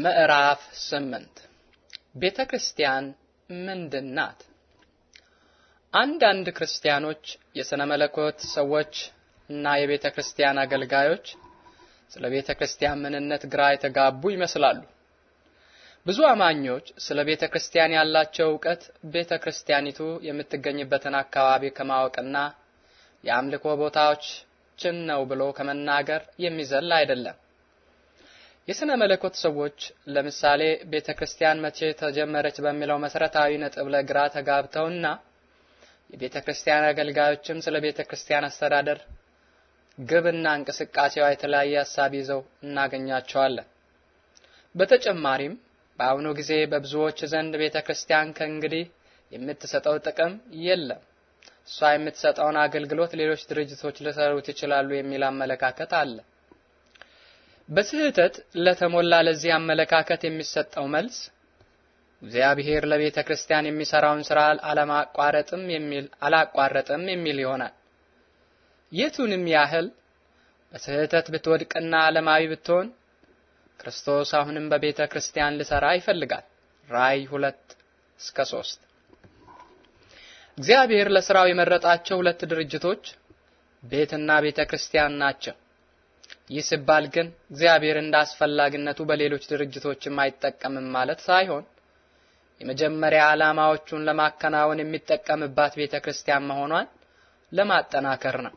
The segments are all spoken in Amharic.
ምዕራፍ ስምንት ቤተ ክርስቲያን ምንድን ናት? አንዳንድ ክርስቲያኖች የሥነ መለኮት ሰዎች እና የቤተ ክርስቲያን አገልጋዮች ስለ ቤተ ክርስቲያን ምንነት ግራ የተጋቡ ይመስላሉ። ብዙ አማኞች ስለ ቤተ ክርስቲያን ያላቸው እውቀት ቤተ ክርስቲያኒቱ የምትገኝበትን አካባቢ ከማወቅና የአምልኮ ቦታዎችን ነው ብሎ ከመናገር የሚዘል አይደለም። የሥነ መለኮት ሰዎች ለምሳሌ ቤተ ክርስቲያን መቼ ተጀመረች በሚለው መሰረታዊ ነጥብ ለግራ ተጋብተውና የቤተ ክርስቲያን አገልጋዮችም ስለ ቤተ ክርስቲያን አስተዳደር ግብና እንቅስቃሴዋ የተለያየ ሀሳብ ይዘው እናገኛቸዋለን። በተጨማሪም በአሁኑ ጊዜ በብዙዎች ዘንድ ቤተ ክርስቲያን ከእንግዲህ የምትሰጠው ጥቅም የለም፣ እሷ የምትሰጠውን አገልግሎት ሌሎች ድርጅቶች ሊሰሩት ይችላሉ የሚል አመለካከት አለ። በስህተት ለተሞላ ለዚህ አመለካከት የሚሰጠው መልስ እግዚአብሔር ለቤተ ክርስቲያን የሚሰራውን ስራ አለማቋረጥም የሚል አላቋረጥም የሚል ይሆናል። የቱንም ያህል በስህተት ብትወድቅና ዓለማዊ ብትሆን ክርስቶስ አሁንም በቤተ ክርስቲያን ልሰራ ይፈልጋል። ራእይ ሁለት እስከ ሶስት እግዚአብሔር ለስራው የመረጣቸው ሁለት ድርጅቶች ቤትና ቤተ ክርስቲያን ናቸው። ይህ ሲባል ግን እግዚአብሔር እንደ አስፈላጊነቱ በሌሎች ድርጅቶችም አይጠቀምም ማለት ሳይሆን የመጀመሪያ ዓላማዎቹን ለማከናወን የሚጠቀምባት ቤተ ክርስቲያን መሆኗን ለማጠናከር ነው።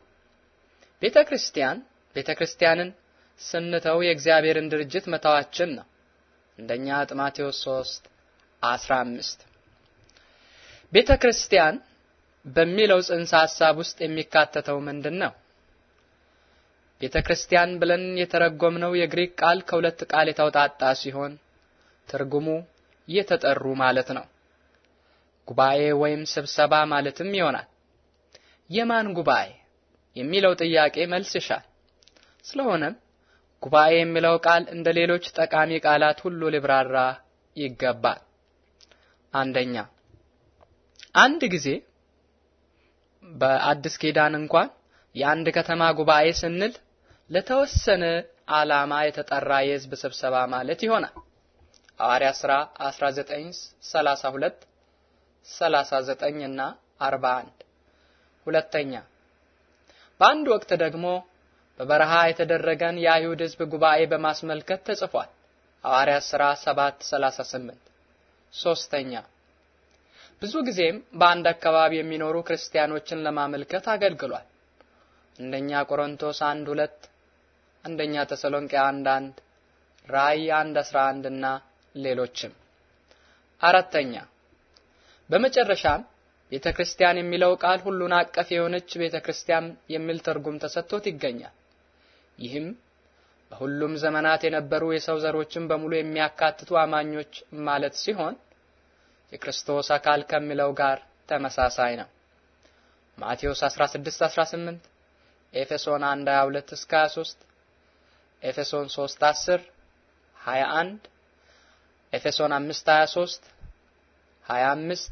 ቤተ ክርስቲያን ቤተ ክርስቲያንን ስንተው የእግዚአብሔርን ድርጅት መተዋችን ነው። አንደኛ ጢሞቴዎስ 3 15 ቤተ ክርስቲያን በሚለው ጽንሰ ሐሳብ ውስጥ የሚካተተው ምንድን ነው? ቤተ ክርስቲያን ብለን የተረጎምነው የግሪክ ቃል ከሁለት ቃል የተውጣጣ ሲሆን ትርጉሙ የተጠሩ ማለት ነው። ጉባኤ ወይም ስብሰባ ማለትም ይሆናል። የማን ጉባኤ የሚለው ጥያቄ መልስ ይሻል። ስለሆነም ጉባኤ የሚለው ቃል እንደ ሌሎች ጠቃሚ ቃላት ሁሉ ሊብራራ ይገባል። አንደኛ አንድ ጊዜ በአዲስ ኪዳን እንኳን የአንድ ከተማ ጉባኤ ስንል ለተወሰነ ዓላማ የተጠራ የህዝብ ስብሰባ ማለት ይሆናል። ሐዋርያት ሥራ 19 32 39 እና 41። ሁለተኛ በአንድ ወቅት ደግሞ በበረሃ የተደረገን የአይሁድ ህዝብ ጉባኤ በማስመልከት ተጽፏል። ሐዋርያት ሥራ 7 38። ሶስተኛ ብዙ ጊዜም በአንድ አካባቢ የሚኖሩ ክርስቲያኖችን ለማመልከት አገልግሏል። አንደኛ ቆሮንቶስ 1 2 አንደኛ ተሰሎንቄ 11 አንድ ራእይ 1 11 እና ሌሎችም። አራተኛ በመጨረሻም ቤተ ክርስቲያን የሚለው ቃል ሁሉን አቀፍ የሆነች ቤተ ክርስቲያን የሚል ትርጉም ተሰጥቶት ይገኛል። ይህም በሁሉም ዘመናት የነበሩ የሰው ዘሮችን በሙሉ የሚያካትቱ አማኞች ማለት ሲሆን የክርስቶስ አካል ከሚለው ጋር ተመሳሳይ ነው። ማቴዎስ 16:18 ኤፌሶን 1:22 እስከ 23 ኤፌሶን 3 10 21 ኤፌሶን 5 23 25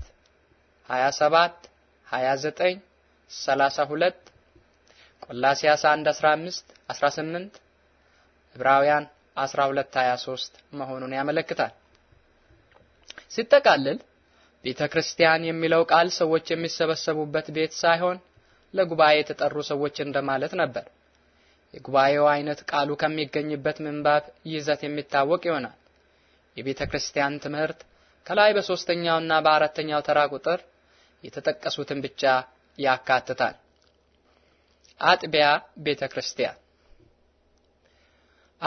27 29 32 ቆላሲያስ 1 15 18 ዕብራውያን 12 23 መሆኑን ያመለክታል። ሲጠቃልል ቤተ ክርስቲያን የሚለው ቃል ሰዎች የሚሰበሰቡበት ቤት ሳይሆን ለጉባኤ የተጠሩ ሰዎች እንደማለት ነበር። የጉባኤው አይነት ቃሉ ከሚገኝበት ምንባብ ይዘት የሚታወቅ ይሆናል። የቤተ ክርስቲያን ትምህርት ከላይ በሶስተኛውና በአራተኛው ተራ ቁጥር የተጠቀሱትን ብቻ ያካትታል። አጥቢያ ቤተ ክርስቲያን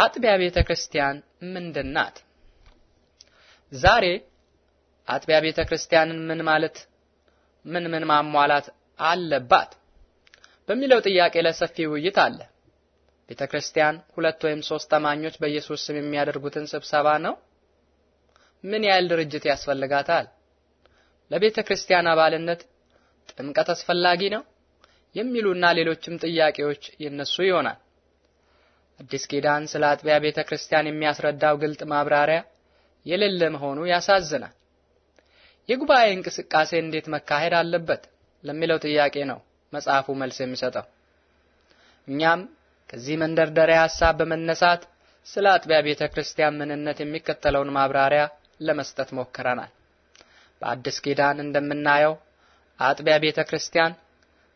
አጥቢያ ቤተ ክርስቲያን ምንድን ናት? ዛሬ አጥቢያ ቤተ ክርስቲያንን ምን ማለት ምን ምን ማሟላት አለባት በሚለው ጥያቄ ላይ ሰፊ ውይይት አለ። ቤተ ክርስቲያን ሁለት ወይም ሶስት አማኞች በኢየሱስ ስም የሚያደርጉትን ስብሰባ ነው። ምን ያህል ድርጅት ያስፈልጋታል? ለቤተ ክርስቲያን አባልነት ጥምቀት አስፈላጊ ነው የሚሉና ሌሎችም ጥያቄዎች የነሱ ይሆናል። አዲስ ኪዳን ስለ አጥቢያ ቤተ ክርስቲያን የሚያስረዳው ግልጥ ማብራሪያ የሌለ መሆኑ ያሳዝናል። የጉባኤ እንቅስቃሴ እንዴት መካሄድ አለበት ለሚለው ጥያቄ ነው መጽሐፉ መልስ የሚሰጠው። እኛም ከዚህ መንደርደሪያ ሐሳብ በመነሳት ስለ አጥቢያ ቤተ ክርስቲያን ምንነት የሚከተለውን ማብራሪያ ለመስጠት ሞክረናል። በአዲስ ኪዳን እንደምናየው አጥቢያ ቤተ ክርስቲያን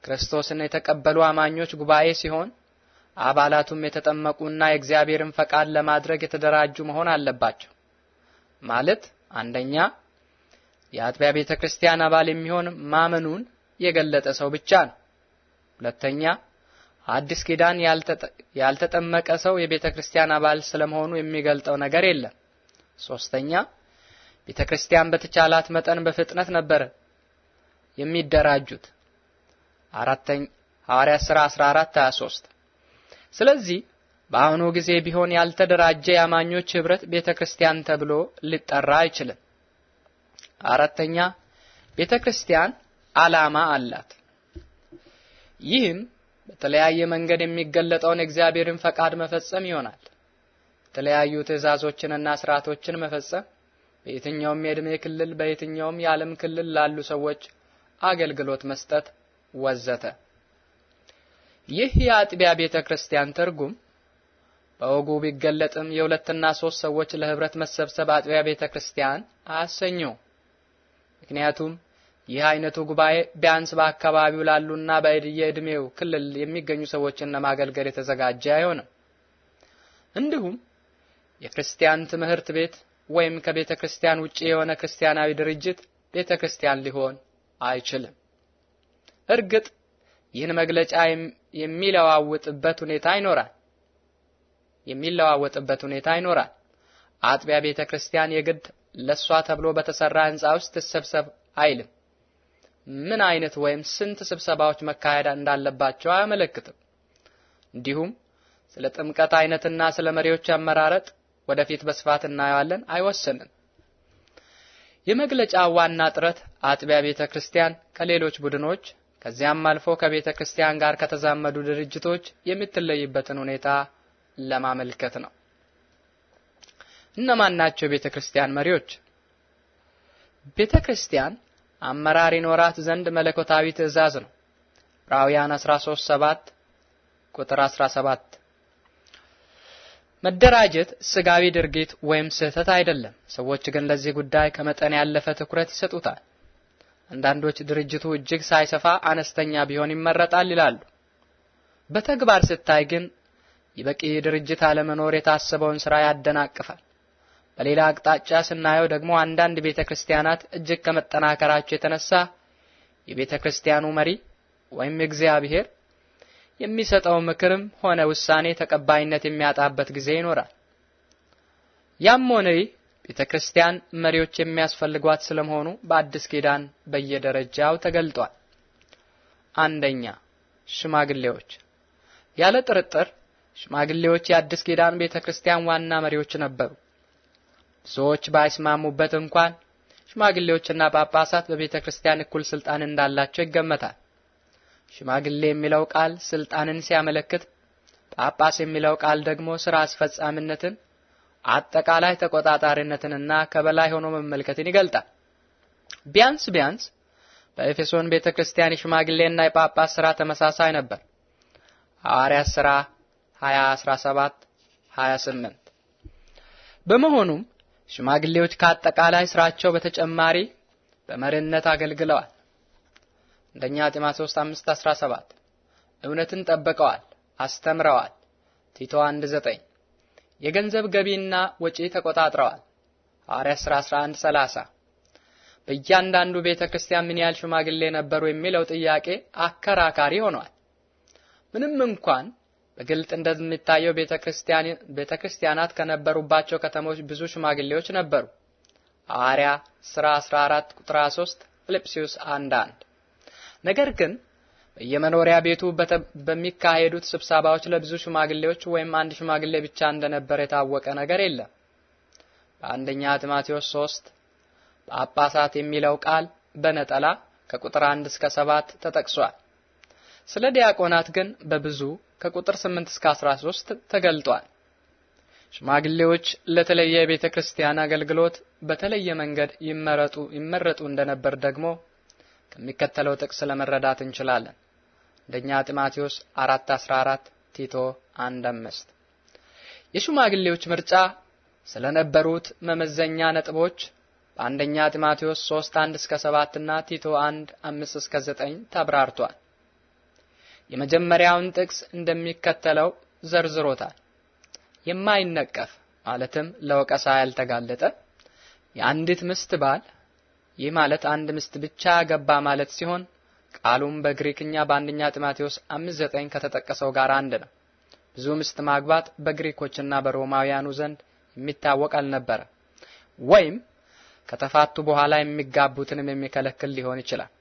ክርስቶስን የተቀበሉ አማኞች ጉባኤ ሲሆን አባላቱም የተጠመቁና የእግዚአብሔርን ፈቃድ ለማድረግ የተደራጁ መሆን አለባቸው። ማለት አንደኛ የአጥቢያ ቤተ ክርስቲያን አባል የሚሆን ማመኑን የገለጠ ሰው ብቻ ነው። ሁለተኛ አዲስ ኪዳን ያልተጠመቀ ሰው የቤተ ክርስቲያን አባል ስለመሆኑ የሚገልጠው ነገር የለም። ሶስተኛ ቤተ ክርስቲያን በተቻላት መጠን በፍጥነት ነበር የሚደራጁት። አራተኛ ሐዋርያ ሥራ 14 23 ስለዚህ በአሁኑ ጊዜ ቢሆን ያልተደራጀ የአማኞች ህብረት ቤተ ክርስቲያን ተብሎ ሊጠራ አይችልም። አራተኛ ቤተ ክርስቲያን ዓላማ አላት። ይህም በተለያየ መንገድ የሚገለጠውን እግዚአብሔርን ፈቃድ መፈጸም ይሆናል። የተለያዩ ትእዛዞችንና ስርዓቶችን መፈጸም በየትኛውም የዕድሜ ክልል በየትኛውም የዓለም ክልል ላሉ ሰዎች አገልግሎት መስጠት ወዘተ። ይህ የአጥቢያ ቤተ ክርስቲያን ትርጉም በወጉ ቢገለጥም የሁለትና ሶስት ሰዎች ለህብረት መሰብሰብ አጥቢያ ቤተ ክርስቲያን አያሰኘው። ምክንያቱም ይህ አይነቱ ጉባኤ ቢያንስ በአካባቢው ላሉና በየዕድሜው ክልል የሚገኙ ሰዎችን ለማገልገል የተዘጋጀ አይሆንም። እንዲሁም የክርስቲያን ትምህርት ቤት ወይም ከቤተ ክርስቲያን ውጪ የሆነ ክርስቲያናዊ ድርጅት ቤተ ክርስቲያን ሊሆን አይችልም። እርግጥ ይህን መግለጫ የሚለዋውጥበት ሁኔታ ይኖራል የሚለዋወጥበት ሁኔታ ይኖራል። አጥቢያ ቤተ ክርስቲያን የግድ ለሷ ተብሎ በተሰራ ህንፃ ውስጥ ትሰብሰብ አይልም። ምን አይነት ወይም ስንት ስብሰባዎች መካሄድ እንዳለባቸው አያመለክትም። እንዲሁም ስለ ጥምቀት አይነትና ስለ መሪዎች አመራረጥ ወደፊት በስፋት እናየዋለን አይወሰንም። የመግለጫ ዋና ጥረት አጥቢያ ቤተ ክርስቲያን ከሌሎች ቡድኖች ከዚያም አልፎ ከቤተ ክርስቲያን ጋር ከተዛመዱ ድርጅቶች የምትለይበትን ሁኔታ ለማመልከት ነው። እነማን ናቸው የቤተ ክርስቲያን መሪዎች? ቤተ ክርስቲያን አመራር ይኖራት ዘንድ መለኮታዊ ትእዛዝ ነው። 13 13:7 ቁጥር 17 መደራጀት ስጋዊ ድርጊት ወይም ስህተት አይደለም። ሰዎች ግን ለዚህ ጉዳይ ከመጠን ያለፈ ትኩረት ይሰጡታል። አንዳንዶች ድርጅቱ እጅግ ሳይሰፋ አነስተኛ ቢሆን ይመረጣል ይላሉ። በተግባር ስታይ ግን የበቂ ድርጅት አለመኖር የታሰበውን ስራ ያደናቅፋል። በሌላ አቅጣጫ ስናየው ደግሞ አንዳንድ ቤተ ክርስቲያናት እጅግ ከመጠናከራቸው የተነሳ የቤተ ክርስቲያኑ መሪ ወይም እግዚአብሔር የሚሰጠው ምክርም ሆነ ውሳኔ ተቀባይነት የሚያጣበት ጊዜ ይኖራል። ያም ሆነ ቤተ ክርስቲያን መሪዎች የሚያስፈልጓት ስለመሆኑ በአዲስ ኪዳን በየደረጃው ተገልጧል። አንደኛ ሽማግሌዎች። ያለ ጥርጥር ሽማግሌዎች የአዲስ ኪዳን ቤተ ክርስቲያን ዋና መሪዎች ነበሩ። ሰዎች ባይስማሙበት እንኳን ሽማግሌዎችና ጳጳሳት በቤተ ክርስቲያን እኩል ስልጣን እንዳላቸው ይገመታል። ሽማግሌ የሚለው ቃል ስልጣንን ሲያመለክት፣ ጳጳስ የሚለው ቃል ደግሞ ስራ አስፈጻሚነትን፣ አጠቃላይ ተቆጣጣሪነትንና ከበላይ ሆኖ መመልከትን ይገልጣል። ቢያንስ ቢያንስ በኤፌሶን ቤተ ክርስቲያን የሽማግሌና የጳጳስ ስራ ተመሳሳይ ነበር። ሐዋርያት ሥራ 20 17 28 በመሆኑም ሽማግሌዎች ከአጠቃላይ ስራቸው በተጨማሪ በመሪነት አገልግለዋል። አንደኛ ጢሞቴዎስ 17 እውነትን ጠብቀዋል፣ አስተምረዋል። ቲቶ 1:9 የገንዘብ ገቢና ወጪ ተቆጣጥረዋል። 10 11 30 በእያንዳንዱ ቤተ ክርስቲያን ምን ያህል ሽማግሌ ነበሩ የሚለው ጥያቄ አከራካሪ ሆኗል። ምንም እንኳን በግልጥ እንደሚታየው ቤተክርስቲያናት ከነበሩባቸው ከተሞች ብዙ ሽማግሌዎች ነበሩ። ሐዋርያ ሥራ 14 ቁጥር 3 ፊልጵስዩስ 1 1 ነገር ግን በየመኖሪያ ቤቱ በሚካሄዱት ስብሰባዎች ለብዙ ሽማግሌዎች ወይም አንድ ሽማግሌ ብቻ እንደነበረ የታወቀ ነገር የለም። በአንደኛ ጢሞቴዎስ 3 ጳጳሳት የሚለው ቃል በነጠላ ከቁጥር 1 እስከ 7 ተጠቅሷል። ስለ ዲያቆናት ግን በብዙ ከቁጥር 8 እስከ 13 ተገልጧል። ሽማግሌዎች ለተለየ የቤተ ክርስቲያን አገልግሎት በተለየ መንገድ ይመረጡ ይመረጡ እንደነበር ደግሞ ከሚከተለው ጥቅስ ለመረዳት እንችላለን። አንደኛ ጢማቴዎስ 4:14፣ ቲቶ 1:5። የሽማግሌዎች ምርጫ ስለነበሩት መመዘኛ ነጥቦች በአንደኛ ጢማቴዎስ 3:1 እስከ 7 እና ቲቶ 1:5 እስከ 9 ተብራርቷል። የመጀመሪያውን ጥቅስ እንደሚከተለው ዘርዝሮታል። የማይነቀፍ ማለትም ለወቀሳ ያልተጋለጠ የአንዲት ምስት ባል፣ ይህ ማለት አንድ ምስት ብቻ ገባ ማለት ሲሆን ቃሉም በግሪክኛ በአንደኛ አምስት 5:9 ከተጠቀሰው ጋር አንድ ነው። ብዙ ምስት ማግባት በግሪኮችና በሮማውያኑ ዘንድ የሚታወቅ አልነበረ ወይም ከተፋቱ በኋላ የሚጋቡትንም የሚከለክል ሊሆን ይችላል።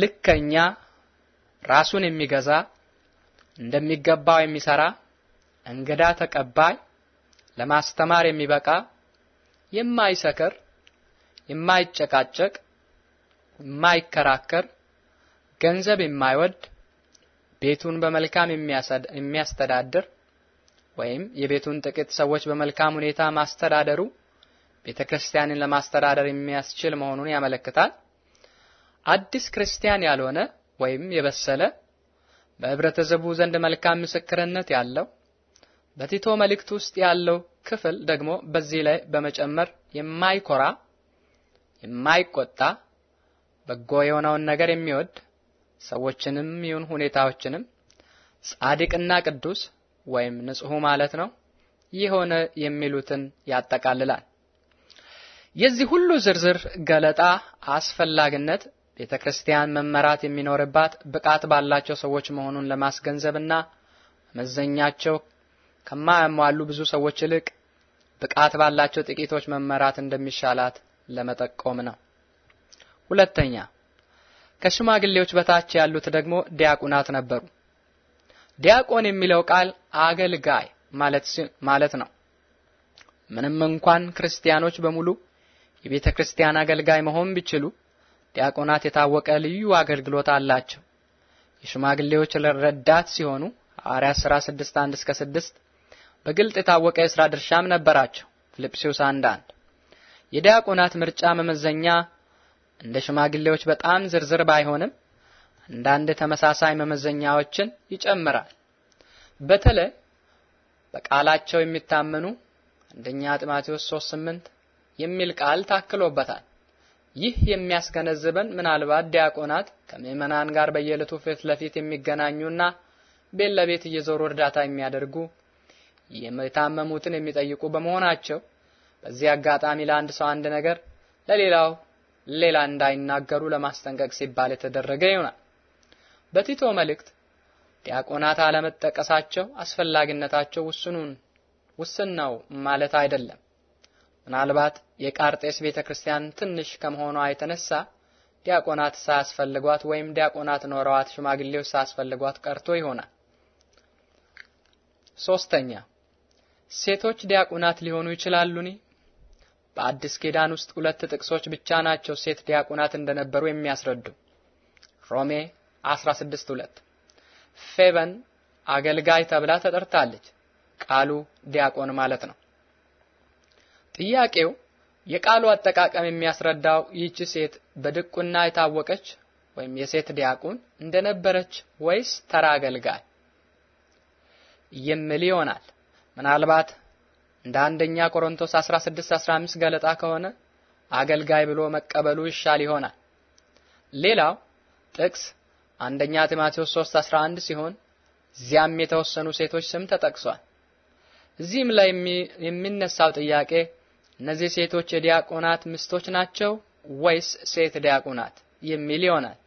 ልከኛ ራሱን የሚገዛ እንደሚገባው የሚሰራ እንግዳ ተቀባይ፣ ለማስተማር የሚበቃ፣ የማይሰክር፣ የማይጨቃጨቅ፣ የማይከራከር፣ ገንዘብ የማይወድ፣ ቤቱን በመልካም የሚያስተዳድር ወይም የቤቱን ጥቂት ሰዎች በመልካም ሁኔታ ማስተዳደሩ ቤተ ክርስቲያንን ለማስተዳደር የሚያስችል መሆኑን ያመለክታል። አዲስ ክርስቲያን ያልሆነ ወይም የበሰለ በህብረተሰቡ ዘንድ መልካም ምስክርነት ያለው በቲቶ መልእክት ውስጥ ያለው ክፍል ደግሞ በዚህ ላይ በመጨመር የማይኮራ፣ የማይቆጣ፣ በጎ የሆነውን ነገር የሚወድ ሰዎችንም ይሁን ሁኔታዎችንም ጻድቅና ቅዱስ ወይም ንጹህ ማለት ነው የሆነ የሚሉትን ያጠቃልላል። የዚህ ሁሉ ዝርዝር ገለጣ አስፈላጊነት ቤተ ክርስቲያን መመራት የሚኖርባት ብቃት ባላቸው ሰዎች መሆኑን ለማስገንዘብና መዘኛቸው ከማያሟሉ ብዙ ሰዎች ይልቅ ብቃት ባላቸው ጥቂቶች መመራት እንደሚሻላት ለመጠቆም ነው። ሁለተኛ ከሽማግሌዎች በታች ያሉት ደግሞ ዲያቆናት ነበሩ። ዲያቆን የሚለው ቃል አገልጋይ ማለት ነው። ምንም እንኳን ክርስቲያኖች በሙሉ የቤተ ክርስቲያን አገልጋይ መሆን ቢችሉ ዲያቆናት የታወቀ ልዩ አገልግሎት አላቸው። የሽማግሌዎች ረዳት ሲሆኑ ሐዋርያት ሥራ 6 1 እስከ 6 በግልጥ የታወቀ የሥራ ድርሻም ነበራቸው። ፊልጵስዩስ 1 1 የዲያቆናት ምርጫ መመዘኛ እንደ ሽማግሌዎች በጣም ዝርዝር ባይሆንም አንዳንድ ተመሳሳይ መመዘኛዎችን ይጨምራል። በተለይ በቃላቸው የሚታመኑ አንደኛ ጢሞቴዎስ 3 8 የሚል ቃል ታክሎበታል። ይህ የሚያስገነዝበን ምናልባት ዲያቆናት ከምእመናን ጋር በየዕለቱ ፊት ለፊት የሚገናኙና ቤት ለቤት እየዞሩ እርዳታ የሚያደርጉ የታመሙትን የሚጠይቁ በመሆናቸው በዚህ አጋጣሚ ለአንድ ሰው አንድ ነገር ለሌላው ሌላ እንዳይናገሩ ለማስጠንቀቅ ሲባል የተደረገ ይሆናል። በቲቶ መልእክት ዲያቆናት አለመጠቀሳቸው አስፈላጊነታቸው ውስኑን ውስን ነው ማለት አይደለም። ምናልባት የቃርጤስ ቤተ ክርስቲያን ትንሽ ከመሆኗ የተነሳ ዲያቆናት ሳያስፈልጓት ወይም ዲያቆናት ኖረዋት ሽማግሌዎች ሳያስፈልጓት ቀርቶ ይሆናል። ሶስተኛ ሴቶች ዲያቆናት ሊሆኑ ይችላሉኒ? በአዲስ ኪዳን ውስጥ ሁለት ጥቅሶች ብቻ ናቸው ሴት ዲያቆናት እንደነበሩ የሚያስረዱ። ሮሜ 16:2 ፌበን አገልጋይ ተብላ ተጠርታለች። ቃሉ ዲያቆን ማለት ነው። ጥያቄው የቃሉ አጠቃቀም የሚያስረዳው ይህች ሴት በድቁና የታወቀች ወይም የሴት ዲያቆን እንደነበረች ወይስ ተራ አገልጋይ የሚል ይሆናል። ምናልባት እንደ አንደኛ ቆሮንቶስ 16:15 ገለጣ ከሆነ አገልጋይ ብሎ መቀበሉ ይሻል ይሆናል። ሌላው ጥቅስ አንደኛ ጢሞቴዎስ 3:11 ሲሆን እዚያም የተወሰኑ ሴቶች ስም ተጠቅሷል። እዚህም ላይ የሚነሳው ጥያቄ እነዚህ ሴቶች የዲያቆናት ምስቶች ናቸው ወይስ ሴት ዲያቆናት የሚል ይሆናል።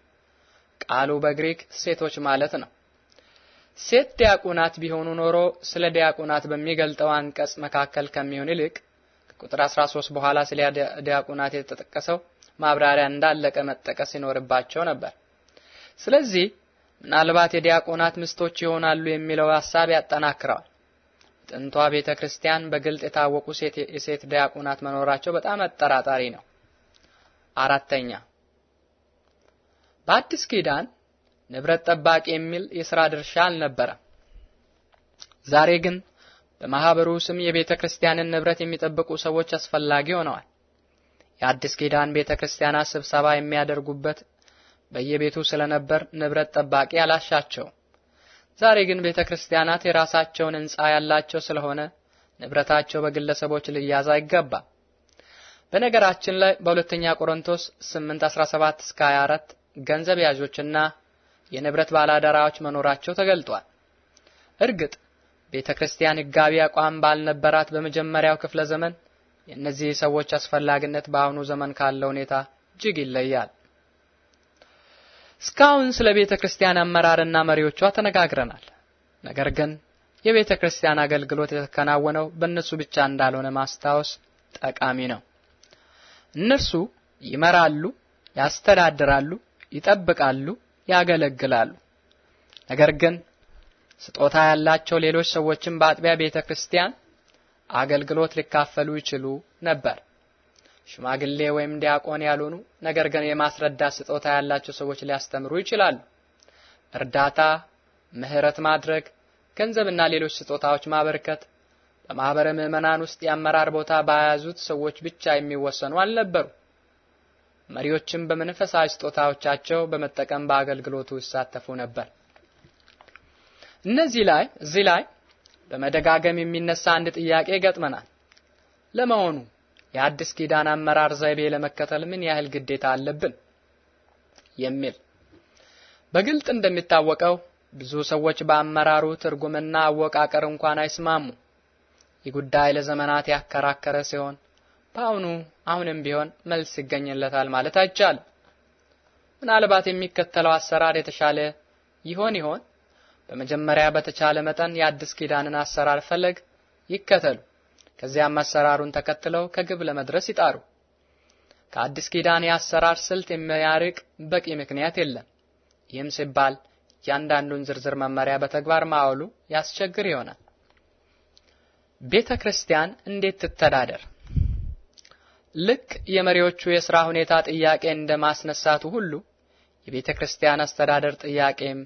ቃሉ በግሪክ ሴቶች ማለት ነው። ሴት ዲያቆናት ቢሆኑ ኖሮ ስለ ዲያቆናት በሚገልጠው አንቀጽ መካከል ከሚሆን ይልቅ ቁጥር 13 በኋላ ስለ ዲያቆናት የተጠቀሰው ማብራሪያ እንዳለቀ መጠቀስ ይኖርባቸው ነበር። ስለዚህ ምናልባት የዲያቆናት ምስቶች ይሆናሉ የሚለው ሀሳብ ያጠናክረዋል። ጥንቷ ቤተ ክርስቲያን በግልጥ የታወቁ የሴት ዲያቆናት መኖራቸው በጣም አጠራጣሪ ነው። አራተኛ በአዲስ ኪዳን ንብረት ጠባቂ የሚል የሥራ ድርሻ አልነበረም። ዛሬ ግን በማህበሩ ስም የቤተ ክርስቲያንን ንብረት የሚጠብቁ ሰዎች አስፈላጊ ሆነዋል። የአዲስ ኪዳን ቤተ ክርስቲያናት ስብሰባ የሚያደርጉበት በየቤቱ ስለነበር ንብረት ጠባቂ አላሻቸው። ዛሬ ግን ቤተ ክርስቲያናት የራሳቸውን ሕንፃ ያላቸው ስለሆነ ንብረታቸው በግለሰቦች ሊያዝ አይገባም። በነገራችን ላይ በሁለተኛ ቆሮንቶስ 8:17 እስከ 24 ገንዘብ ያዦችና የንብረት ባለአደራዎች መኖራቸው ተገልጧል። እርግጥ ቤተ ክርስቲያን ሕጋዊ አቋም ባልነበራት በመጀመሪያው ክፍለ ዘመን የእነዚህ ሰዎች አስፈላጊነት በአሁኑ ዘመን ካለው ሁኔታ እጅግ ይለያል። እስካሁን ስለ ቤተ ክርስቲያን አመራርና መሪዎቿ ተነጋግረናል። ነገር ግን የቤተ ክርስቲያን አገልግሎት የተከናወነው በእነሱ ብቻ እንዳልሆነ ማስታወስ ጠቃሚ ነው። እነርሱ ይመራሉ፣ ያስተዳድራሉ፣ ይጠብቃሉ፣ ያገለግላሉ። ነገር ግን ስጦታ ያላቸው ሌሎች ሰዎችም በአጥቢያ ቤተ ክርስቲያን አገልግሎት ሊካፈሉ ይችሉ ነበር። ሽማግሌ ወይም ዲያቆን ያልሆኑ ነገር ግን የማስረዳት ስጦታ ያላቸው ሰዎች ሊያስተምሩ ይችላሉ። እርዳታ፣ ምህረት ማድረግ፣ ገንዘብና ሌሎች ስጦታዎች ማበርከት በማህበረ ምዕመናን ውስጥ የአመራር ቦታ በያዙት ሰዎች ብቻ የሚወሰኑ አልነበሩ። መሪዎችም በመንፈሳዊ ስጦታዎቻቸው በመጠቀም በአገልግሎቱ ይሳተፉ ነበር። እነዚህ ላይ እዚህ ላይ በመደጋገም የሚነሳ አንድ ጥያቄ ይገጥመናል። ለመሆኑ የአዲስ ኪዳን አመራር ዘይቤ ለመከተል ምን ያህል ግዴታ አለብን የሚል በግልጥ እንደሚታወቀው ብዙ ሰዎች በአመራሩ ትርጉምና አወቃቀር እንኳን አይስማሙ። ይህ ጉዳይ ለዘመናት ያከራከረ ሲሆን በአሁኑ አሁንም ቢሆን መልስ ይገኝለታል ማለት አይቻልም። ምናልባት የሚከተለው አሰራር የተሻለ ይሆን ይሆን? በመጀመሪያ በተቻለ መጠን የአዲስ ኪዳንን አሰራር ፈለግ ይከተሉ። ከዚያም አሰራሩን ተከትለው ከግብ ለመድረስ ይጣሩ። ከአዲስ ኪዳን የአሰራር ስልት የሚያርቅ በቂ ምክንያት የለም። ይህም ሲባል እያንዳንዱን ዝርዝር መመሪያ በተግባር ማዋሉ ያስቸግር ይሆናል። ቤተ ክርስቲያን እንዴት ትተዳደር? ልክ የመሪዎቹ የሥራ ሁኔታ ጥያቄ እንደ ማስነሳቱ ሁሉ የቤተ ክርስቲያን አስተዳደር ጥያቄም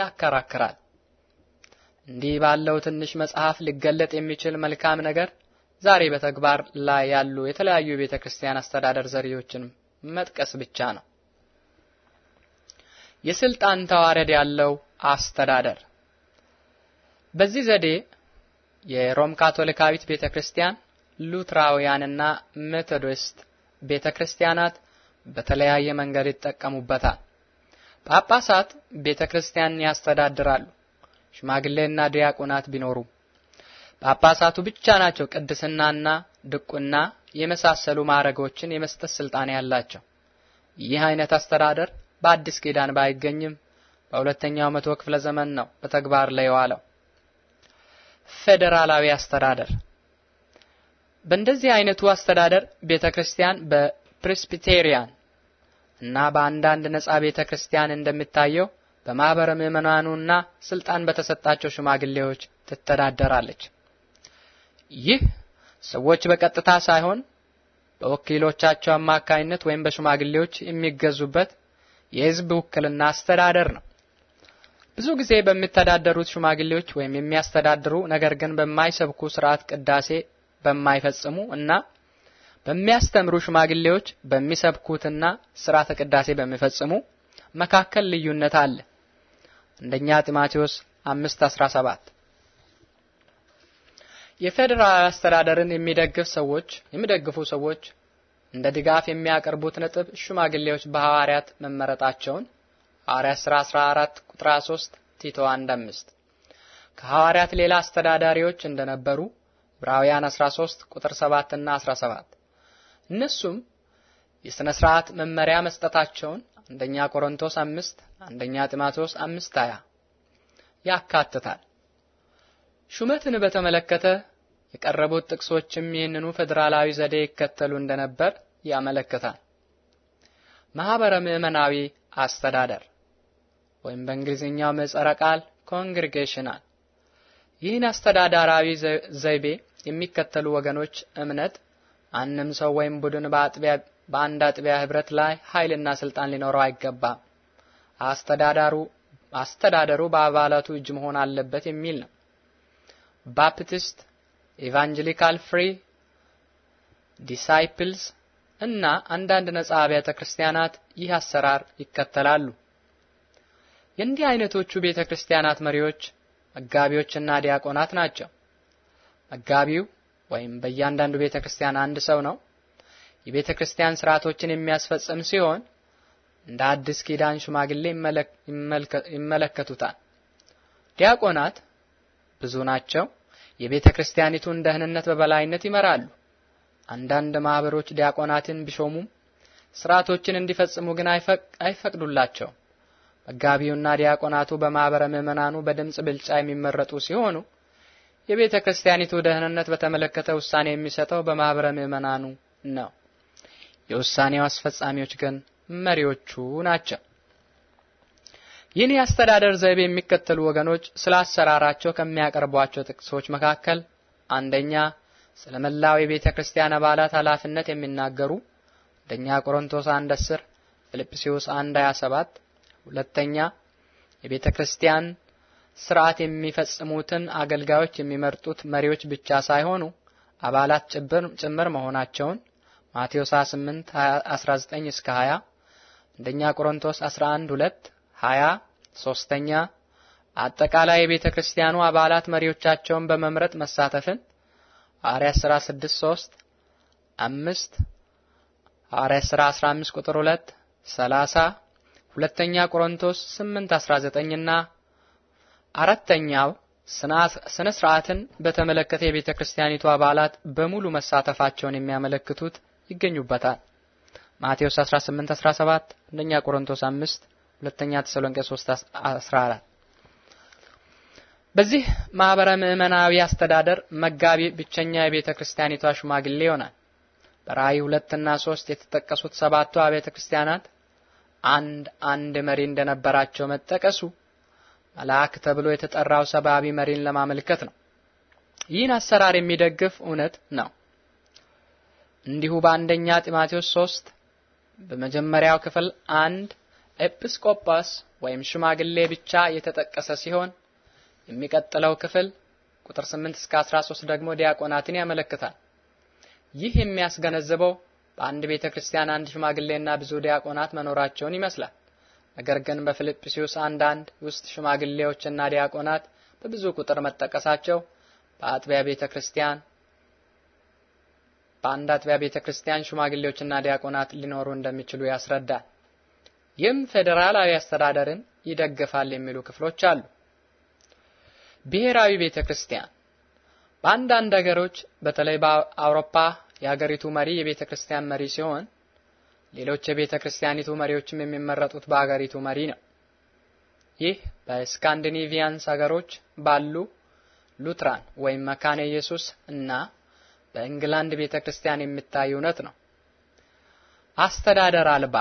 ያከራክራል። እንዲህ ባለው ትንሽ መጽሐፍ ሊገለጥ የሚችል መልካም ነገር ዛሬ በተግባር ላይ ያሉ የተለያዩ የቤተ ክርስቲያን አስተዳደር ዘዴዎችን መጥቀስ ብቻ ነው። የስልጣን ተዋረድ ያለው አስተዳደር በዚህ ዘዴ የሮም ካቶሊካዊት ቤተ ክርስቲያን ሉትራውያንና ሜቶዲስት ቤተ ክርስቲያናት በተለያየ መንገድ ይጠቀሙበታል። ጳጳሳት ቤተ ክርስቲያንን ያስተዳድራሉ፣ ሽማግሌና ዲያቆናት ቢኖሩም ጳጳሳቱ ብቻ ናቸው ቅድስናና ድቁና የመሳሰሉ ማዕረጎችን የመስጠት ስልጣን ያላቸው። ይህ አይነት አስተዳደር በአዲስ ኪዳን ባይገኝም በሁለተኛው መቶ ክፍለ ዘመን ነው በተግባር ላይ የዋለው። ፌዴራላዊ አስተዳደር በእንደዚህ አይነቱ አስተዳደር ቤተ ክርስቲያን በፕሬስቢቴሪያን እና በአንዳንድ ነጻ ቤተ ክርስቲያን እንደሚታየው በማኅበረ ምዕመናኑና ስልጣን በተሰጣቸው ሽማግሌዎች ትተዳደራለች። ይህ ሰዎች በቀጥታ ሳይሆን በወኪሎቻቸው አማካይነት ወይም በሽማግሌዎች የሚገዙበት የህዝብ ውክልና አስተዳደር ነው። ብዙ ጊዜ በሚተዳደሩት ሽማግሌዎች ወይም የሚያስተዳድሩ ነገር ግን በማይሰብኩ ስርዓት ቅዳሴ በማይፈጽሙ እና በሚያስተምሩ ሽማግሌዎች በሚሰብኩትና ስርዓተ ቅዳሴ በሚፈጽሙ መካከል ልዩነት አለ። አንደኛ ጢሞቴዎስ 5:17 የፌዴራል አስተዳደርን የሚደግፍ ሰዎች የሚደግፉ ሰዎች እንደ ድጋፍ የሚያቀርቡት ነጥብ ሽማግሌዎች በሐዋርያት መመረጣቸውን ሐዋርያት ሥራ 14 ቁጥር 3 ቲቶ 1 5 ከሐዋርያት ሌላ አስተዳዳሪዎች እንደነበሩ ዕብራውያን 13 ቁጥር 7 እና 17 እነሱም የሥነ ሥርዓት መመሪያ መስጠታቸውን አንደኛ ቆሮንቶስ 5 አንደኛ ጢማቴዎስ 5 20 ያካትታል። ሹመትን በተመለከተ የቀረቡት ጥቅሶችም ይህንኑ ፌዴራላዊ ዘዴ ይከተሉ እንደነበር ያመለክታል። ማህበረ ምዕመናዊ አስተዳደር ወይም በእንግሊዝኛው ምህጻረ ቃል ኮንግሪጌሽናል ይህን አስተዳዳራዊ ዘይቤ የሚከተሉ ወገኖች እምነት አንም ሰው ወይም ቡድን በአንድ አጥቢያ ህብረት ላይ ኃይልና ስልጣን ሊኖረው አይገባም። አስተዳዳሩ አስተዳደሩ በአባላቱ እጅ መሆን አለበት የሚል ነው። ባፕቲስት ኢቫንጀሊካል ፍሪ ዲሳይፕልስ እና አንዳንድ ነጻ አብያተ ክርስቲያናት ይህ አሰራር ይከተላሉ። የእንዲህ አይነቶቹ ቤተ ክርስቲያናት መሪዎች መጋቢዎችና ዲያቆናት ናቸው። መጋቢው ወይም በእያንዳንዱ ቤተ ክርስቲያን አንድ ሰው ነው። የቤተ ክርስቲያን ስርዓቶችን የሚያስፈጽም ሲሆን እንደ አዲስ ኪዳን ሽማግሌ ይመለከቱታል። ዲያቆናት ብዙ ናቸው። የቤተ ክርስቲያኒቱን ደህንነት በበላይነት ይመራሉ። አንዳንድ ማህበሮች ዲያቆናትን ቢሾሙም ስርዓቶችን እንዲፈጽሙ ግን አይፈቅዱላቸው። መጋቢውና ዲያቆናቱ በማህበረ ምዕመናኑ በድምፅ ብልጫ የሚመረጡ ሲሆኑ የቤተ ክርስቲያኒቱ ደህንነት በተመለከተ ውሳኔ የሚሰጠው በማህበረ ምዕመናኑ ነው። የውሳኔው አስፈጻሚዎች ግን መሪዎቹ ናቸው። ይህን የአስተዳደር ዘይቤ የሚከተሉ ወገኖች ስለ አሰራራቸው ከሚያቀርቧቸው ጥቅሶች መካከል አንደኛ ስለ መላው የቤተ ክርስቲያን አባላት ኃላፊነት የሚናገሩ አንደኛ ቆሮንቶስ 1 10 ፊልጵስዩስ 1 27 ሁለተኛ የቤተ ክርስቲያን ስርዓት የሚፈጽሙትን አገልጋዮች የሚመርጡት መሪዎች ብቻ ሳይሆኑ አባላት ጭምር መሆናቸውን ማቴዎስ 28 19 እስከ 20 አንደኛ ቆሮንቶስ 11 2 ሀያ ሶስተኛ አጠቃላይ የቤተ ክርስቲያኑ አባላት መሪዎቻቸውን በመምረጥ መሳተፍን ሐዋርያት ሥራ 6 3 5 ሐዋርያት ሥራ 15 ቁጥር 2 30 ሁለተኛ ቆሮንቶስ 8 19 እና አራተኛው ስነ ስርዓትን በተመለከተ የቤተ ክርስቲያኒቱ አባላት በሙሉ መሳተፋቸውን የሚያመለክቱት ይገኙበታል። ማቴዎስ 18 17 አንደኛ ቆሮንቶስ 5 ሁለተኛ ተሰሎንቄ 3 14 በዚህ ማህበረ ምእመናዊ አስተዳደር መጋቢ ብቸኛ የቤተ ክርስቲያኒቷ ሽማግሌ ይሆናል። በራእይ ሁለትና ሶስት የተጠቀሱት ሰባቱ አብያተ ክርስቲያናት አንድ አንድ መሪ እንደነበራቸው መጠቀሱ መልአክ ተብሎ የተጠራው ሰብአዊ መሪን ለማመልከት ነው። ይህን አሰራር የሚደግፍ እውነት ነው። እንዲሁ በአንደኛ ጢማቴዎስ 3 በመጀመሪያው ክፍል አንድ ኤጲስቆጶስ ወይም ሽማግሌ ብቻ የተጠቀሰ ሲሆን የሚቀጥለው ክፍል ቁጥር 8 እስከ 13 ደግሞ ዲያቆናትን ያመለክታል። ይህ የሚያስገነዝበው በአንድ ቤተ ክርስቲያን አንድ ሽማግሌና ብዙ ዲያቆናት መኖራቸውን ይመስላል። ነገር ግን በፊልጵስዩስ አንዳንድ ውስጥ ሽማግሌዎችና ዲያቆናት በብዙ ቁጥር መጠቀሳቸው በአጥቢያ ቤተ ክርስቲያን በአንድ አጥቢያ ቤተ ክርስቲያን ሽማግሌዎችና ዲያቆናት ሊኖሩ እንደሚችሉ ያስረዳል። ይህም ፌዴራላዊ አስተዳደርን ይደግፋል የሚሉ ክፍሎች አሉ። ብሔራዊ ቤተ ክርስቲያን በአንዳንድ ሀገሮች በተለይ በአውሮፓ የሀገሪቱ መሪ የቤተ ክርስቲያን መሪ ሲሆን ሌሎች የቤተ ክርስቲያኒቱ መሪዎችም የሚመረጡት በሀገሪቱ መሪ ነው። ይህ በስካንዲኔቪያንስ ሀገሮች ባሉ ሉትራን ወይም መካነ ኢየሱስ እና በእንግላንድ ቤተ ክርስቲያን የሚታይ እውነት ነው። አስተዳደር አልባ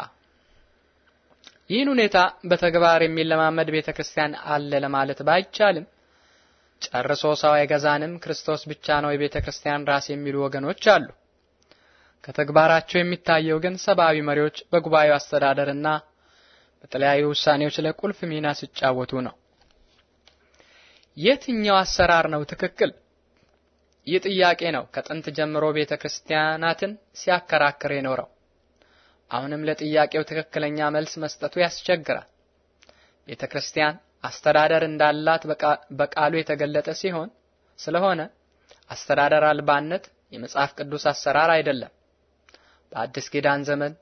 ይህን ሁኔታ በተግባር የሚለማመድ ቤተክርስቲያን አለ ለማለት ባይቻልም ጨርሶ ሰው አይገዛንም፣ ክርስቶስ ብቻ ነው የቤተክርስቲያን ራስ የሚሉ ወገኖች አሉ። ከተግባራቸው የሚታየው ግን ሰብአዊ መሪዎች በጉባኤው አስተዳደርና በተለያዩ ውሳኔዎች ላይ ቁልፍ ሚና ሲጫወቱ ነው። የትኛው አሰራር ነው ትክክል? ይህ ጥያቄ ነው ከጥንት ጀምሮ ቤተክርስቲያናትን ሲያከራክር የኖረው። አሁንም ለጥያቄው ትክክለኛ መልስ መስጠቱ ያስቸግራል። ቤተ ክርስቲያን አስተዳደር እንዳላት በቃሉ የተገለጠ ሲሆን ስለሆነ አስተዳደር አልባነት የመጽሐፍ ቅዱስ አሰራር አይደለም። በአዲስ ኪዳን ዘመን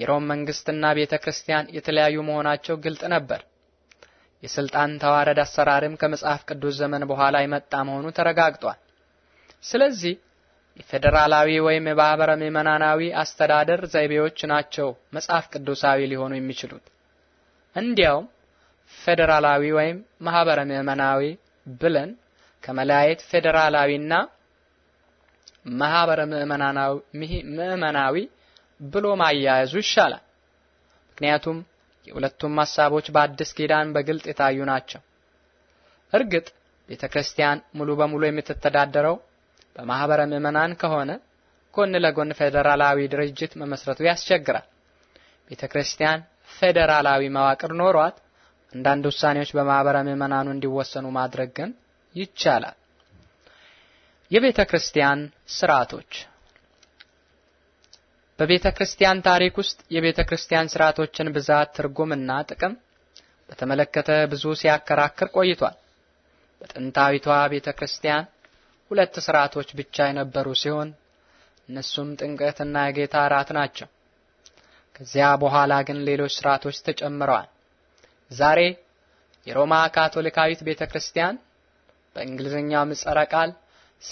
የሮም መንግስትና ቤተ ክርስቲያን የተለያዩ መሆናቸው ግልጥ ነበር። የስልጣን ተዋረድ አሰራርም ከመጽሐፍ ቅዱስ ዘመን በኋላ የመጣ መሆኑ ተረጋግጧል። ስለዚህ የፌዴራላዊ ወይም የማህበረ ምዕመናናዊ አስተዳደር ዘይቤዎች ናቸው መጽሐፍ ቅዱሳዊ ሊሆኑ የሚችሉት። እንዲያውም ፌዴራላዊ ወይም ማህበረ ምዕመናዊ ብለን ከመለያየት ፌዴራላዊና ማህበረ ምዕመናዊ ብሎ ማያያዙ ይሻላል። ምክንያቱም የሁለቱም ሀሳቦች በአዲስ ኪዳን በግልጥ የታዩ ናቸው። እርግጥ ቤተ ክርስቲያን ሙሉ በሙሉ የምትተዳደረው በማህበረ ምእመናን ከሆነ ጎን ለጎን ፌዴራላዊ ድርጅት መመስረቱ ያስቸግራል። ቤተ ክርስቲያን ፌዴራላዊ መዋቅር ኖሯት አንዳንድ ውሳኔዎች በማህበረ ምእመናኑ እንዲወሰኑ ማድረግ ግን ይቻላል። የቤተ ክርስቲያን ስርዓቶች በቤተ ክርስቲያን ታሪክ ውስጥ የቤተ ክርስቲያን ስርዓቶችን ብዛት፣ ትርጉምና ጥቅም በተመለከተ ብዙ ሲያከራክር ቆይቷል። በጥንታዊቷ ቤተ ክርስቲያን ሁለት ስርዓቶች ብቻ የነበሩ ሲሆን እነሱም ጥምቀትና የጌታ እራት ናቸው። ከዚያ በኋላ ግን ሌሎች ስርዓቶች ተጨምረዋል። ዛሬ የሮማ ካቶሊካዊት ቤተክርስቲያን በእንግሊዝኛው ምጸረ ቃል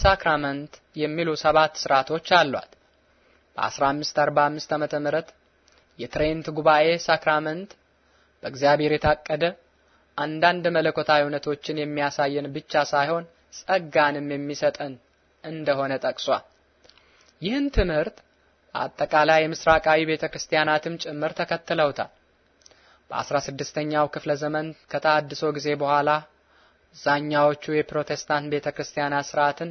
ሳክራመንት የሚሉ ሰባት ስርዓቶች አሏት። በ1545 ዓመተ ምህረት የትሬንት ጉባኤ ሳክራመንት በእግዚአብሔር የታቀደ አንዳንድ መለኮታዊ እውነቶችን የሚያሳየን ብቻ ሳይሆን ጸጋንም የሚሰጠን እንደሆነ ጠቅሷል። ይህን ትምህርት በአጠቃላይ የምስራቃዊ ቤተክርስቲያናትም ጭምር ተከትለውታል። በ16ኛው ክፍለ ዘመን ከተአድሶ ጊዜ በኋላ አብዛኛዎቹ የፕሮቴስታንት ቤተክርስቲያናት ስርዓትን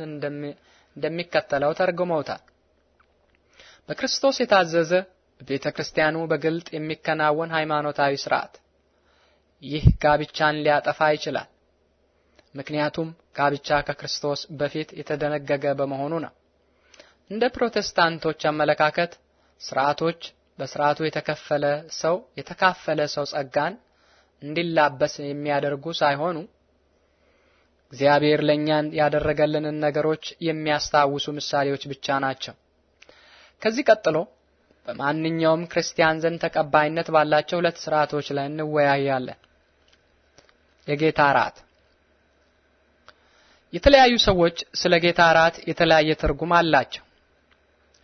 እንደሚከተለው ተርጉመውታል። በክርስቶስ የታዘዘ ቤተክርስቲያኑ በግልጥ የሚከናወን ሃይማኖታዊ ስርዓት። ይህ ጋብቻን ሊያጠፋ ይችላል። ምክንያቱም ጋብቻ ከክርስቶስ በፊት የተደነገገ በመሆኑ ነው። እንደ ፕሮቴስታንቶች አመለካከት ስርዓቶች በስርዓቱ የተከፈለ ሰው የተካፈለ ሰው ጸጋን እንዲላበስ የሚያደርጉ ሳይሆኑ እግዚአብሔር ለእኛን ያደረገልንን ነገሮች የሚያስታውሱ ምሳሌዎች ብቻ ናቸው። ከዚህ ቀጥሎ በማንኛውም ክርስቲያን ዘንድ ተቀባይነት ባላቸው ሁለት ስርዓቶች ላይ እንወያያለን። የጌታ እራት የተለያዩ ሰዎች ስለ ጌታ እራት የተለያየ ትርጉም አላቸው።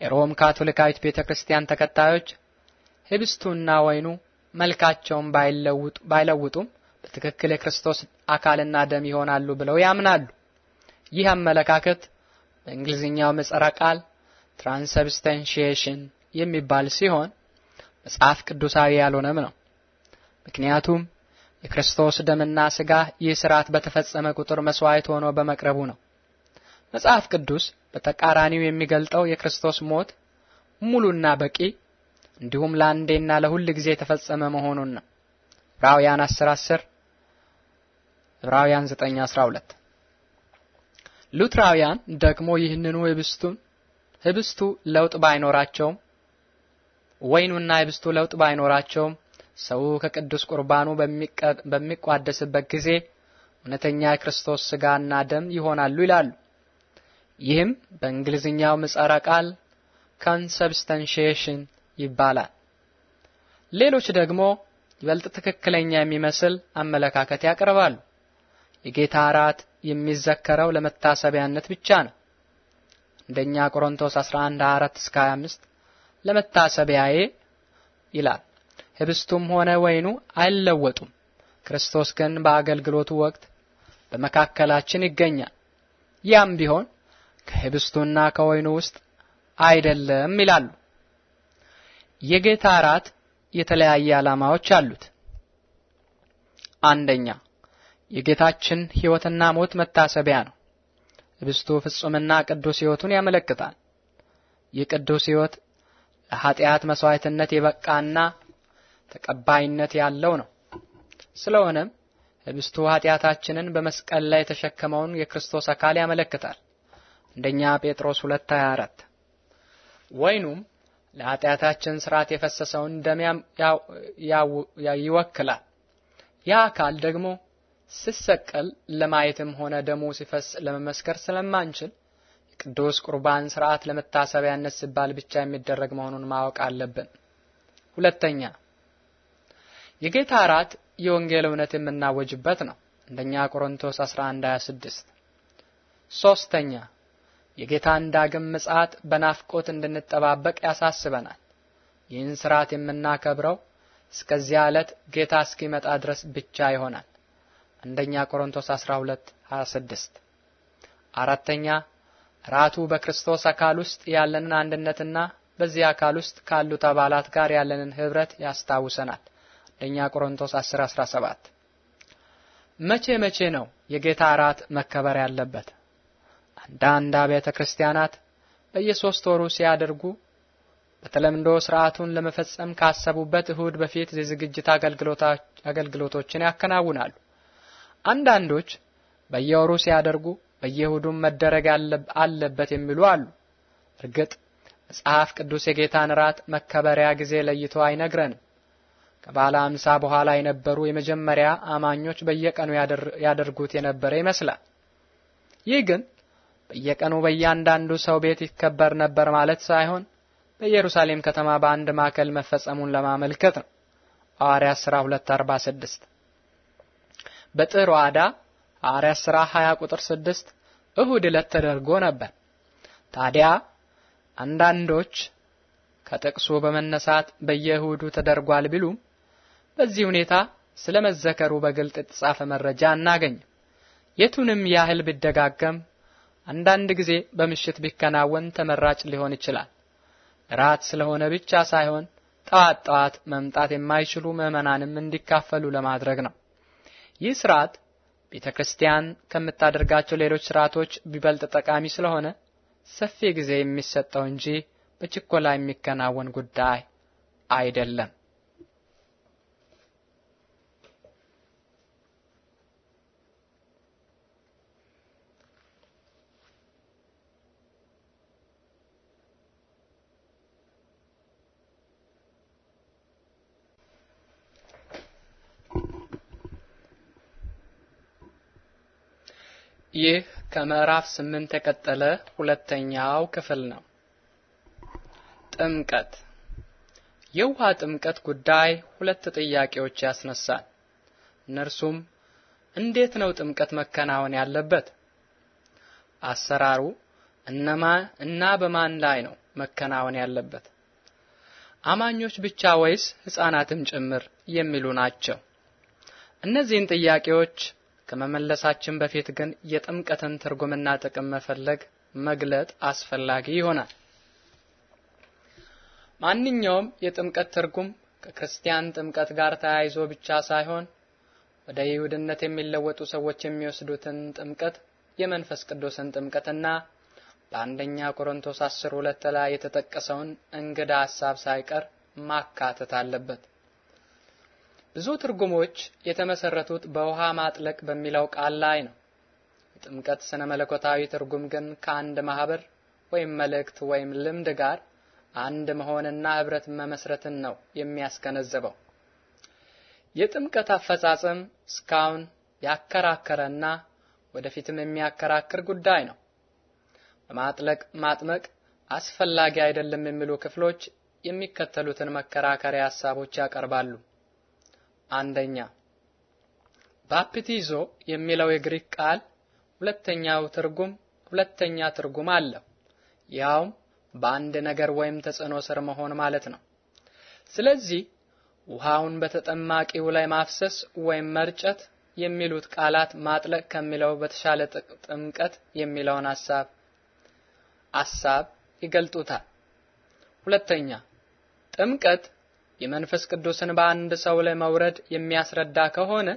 የሮም ካቶሊካዊት ቤተክርስቲያን ተከታዮች ህብስቱና ወይኑ መልካቸውን ባይለውጡም በትክክል የክርስቶስ አካልና ደም ይሆናሉ ብለው ያምናሉ። ይህ አመለካከት በእንግሊዝኛው ምጽረ ቃል ትራንስብስታንሺዬሽን የሚባል ሲሆን መጽሐፍ ቅዱሳዊ ያልሆነም ነው። ምክንያቱም የክርስቶስ ደምና ሥጋ ይህ ሥርዓት በተፈጸመ ቁጥር መሥዋዕት ሆኖ በመቅረቡ ነው። መጽሐፍ ቅዱስ በተቃራኒው የሚገልጠው የክርስቶስ ሞት ሙሉና በቂ እንዲሁም ለአንዴና ለሁል ጊዜ የተፈጸመ መሆኑን ነው። ዕብራውያን 10:10 ዕብራውያን 9:12 ሉትራውያን ደግሞ ይህንኑ ህብስቱን ህብስቱ ለውጥ ባይኖራቸውም ወይኑና ህብስቱ ለውጥ ባይኖራቸውም ሰው ከቅዱስ ቁርባኑ በሚቋደስበት ጊዜ እውነተኛ የክርስቶስ ስጋና ደም ይሆናሉ ይላሉ። ይህም በእንግሊዝኛው ምጻረ ቃል ኮንሰብስተንሺዬሽን ይባላል። ሌሎች ደግሞ ይበልጥ ትክክለኛ የሚመስል አመለካከት ያቀርባሉ። የጌታ እራት የሚዘከረው ለመታሰቢያነት ብቻ ነው። አንደኛ ቆሮንቶስ 114 እስከ 25 ለመታሰቢያዬ ይላል። ህብስቱም ሆነ ወይኑ አይለወጡም። ክርስቶስ ግን በአገልግሎቱ ወቅት በመካከላችን ይገኛል። ያም ቢሆን ከህብስቱና ከወይኑ ውስጥ አይደለም ይላሉ። የጌታ እራት የተለያየ ዓላማዎች አሉት። አንደኛ የጌታችን ሕይወትና ሞት መታሰቢያ ነው። ህብስቱ ፍጹምና ቅዱስ ሕይወቱን ያመለክታል። የቅዱስ ሕይወት ለኃጢአት መስዋዕትነት የበቃና ተቀባይነት ያለው ነው። ስለሆነም ህብስቱ ኃጢአታችንን በመስቀል ላይ የተሸከመውን የክርስቶስ አካል ያመለክታል። አንደኛ ጴጥሮስ 2:24 ወይኑም ለኃጢአታችን ስርዓት የፈሰሰውን ደም ይወክላል። ያ አካል ደግሞ ሲሰቀል ለማየትም ሆነ ደሙ ሲፈስ ለመመስከር ስለማንችል የቅዱስ ቁርባን ስርዓት ለመታሰቢያነት ሲባል ብቻ የሚደረግ መሆኑን ማወቅ አለብን። ሁለተኛ የጌታ እራት የወንጌል እውነት የምናወጅበት ነው። አንደኛ ቆሮንቶስ 11:26 ሶስተኛ የጌታን ዳግም ምጽአት በናፍቆት እንድንጠባበቅ ያሳስበናል። ይህን ስርዓት የምናከብረው እስከዚያ ዕለት ጌታ እስኪመጣ ድረስ ብቻ ይሆናል። አንደኛ ቆሮንቶስ 12:26 አራተኛ ራቱ በክርስቶስ አካል ውስጥ ያለንን አንድነትና በዚህ አካል ውስጥ ካሉት አባላት ጋር ያለንን ህብረት ያስታውሰናል። አንደኛ ቆሮንቶስ 10 17 መቼ መቼ ነው የጌታ እራት መከበር ያለበት? አንዳንድ አብያተ ክርስቲያናት በየሶስት ወሩ ሲያደርጉ በተለምዶ ስርዓቱን ለመፈጸም ካሰቡበት እሁድ በፊት የዝግጅት አገልግሎቶችን ያከናውናሉ። አንዳንዶች በየወሩ ሲያደርጉ በየእሁዱም መደረግ አለበት የሚሉ አሉ። እርግጥ መጽሐፍ ቅዱስ የጌታን እራት መከበሪያ ጊዜ ለይቶ አይነግረንም። ከባለ አምሳ በኋላ የነበሩ የመጀመሪያ አማኞች በየቀኑ ያደርጉት የነበረ ይመስላል። ይህ ግን በየቀኑ በእያንዳንዱ ሰው ቤት ይከበር ነበር ማለት ሳይሆን በኢየሩሳሌም ከተማ በአንድ ማዕከል መፈጸሙን ለማመልከት ነው። ሐዋርያት ሥራ 246 ዋዳ ሐዋርያት ሥራ 20 ቁጥር 6 እሁድ ዕለት ተደርጎ ነበር። ታዲያ አንዳንዶች ከጥቅሱ በመነሳት በየእሁዱ ተደርጓል ቢሉም በዚህ ሁኔታ ስለ መዘከሩ በግልጥ የተጻፈ መረጃ አናገኝም። የቱንም ያህል ቢደጋገም አንዳንድ ጊዜ በምሽት ቢከናወን ተመራጭ ሊሆን ይችላል። እራት ስለሆነ ብቻ ሳይሆን ጠዋት ጠዋት መምጣት የማይችሉ ምዕመናንም እንዲካፈሉ ለማድረግ ነው። ይህ ስርዓት ቤተ ክርስቲያን ከምታደርጋቸው ሌሎች ስርዓቶች ቢበልጥ ጠቃሚ ስለሆነ ሰፊ ጊዜ የሚሰጠው እንጂ በችኮላ የሚከናወን ጉዳይ አይደለም። ይህ ከምዕራፍ ስምንት የቀጠለ ሁለተኛው ክፍል ነው። ጥምቀት የውሃ ጥምቀት ጉዳይ ሁለት ጥያቄዎች ያስነሳል። እነርሱም እንዴት ነው ጥምቀት መከናወን ያለበት? አሰራሩ እነማ እና በማን ላይ ነው መከናወን ያለበት? አማኞች ብቻ ወይስ ሕፃናትም ጭምር የሚሉ ናቸው። እነዚህን ጥያቄዎች ከመመለሳችን በፊት ግን የጥምቀትን ትርጉምና ጥቅም መፈለግ መግለጥ አስፈላጊ ይሆናል። ማንኛውም የጥምቀት ትርጉም ከክርስቲያን ጥምቀት ጋር ተያይዞ ብቻ ሳይሆን ወደ ይሁድነት የሚለወጡ ሰዎች የሚወስዱትን ጥምቀት የመንፈስ ቅዱስን ጥምቀትና በአንደኛ ቆሮንቶስ 10 ላይ የተጠቀሰውን እንግዳ ሐሳብ ሳይቀር ማካተት አለበት። ብዙ ትርጉሞች የተመሰረቱት በውሃ ማጥለቅ በሚለው ቃል ላይ ነው። የጥምቀት ስነ መለኮታዊ ትርጉም ግን ከአንድ ማህበር ወይም መልእክት ወይም ልምድ ጋር አንድ መሆንና ህብረት መመስረትን ነው የሚያስገነዝበው። የጥምቀት አፈጻጸም እስካሁን ያከራከረና ወደፊትም የሚያከራክር ጉዳይ ነው። በማጥለቅ ማጥመቅ አስፈላጊ አይደለም የሚሉ ክፍሎች የሚከተሉትን መከራከሪያ ሀሳቦች ያቀርባሉ። አንደኛ ባፕቲዞ የሚለው የግሪክ ቃል ሁለተኛው ትርጉም ሁለተኛ ትርጉም አለው። ያውም በአንድ ነገር ወይም ተጽዕኖ ስር መሆን ማለት ነው። ስለዚህ ውሃውን በተጠማቂው ላይ ማፍሰስ ወይም መርጨት የሚሉት ቃላት ማጥለቅ ከሚለው በተሻለ ጥምቀት የሚለውን ሐሳብ ሐሳብ ይገልጡታል። ሁለተኛ ጥምቀት የመንፈስ ቅዱስን በአንድ ሰው ላይ መውረድ የሚያስረዳ ከሆነ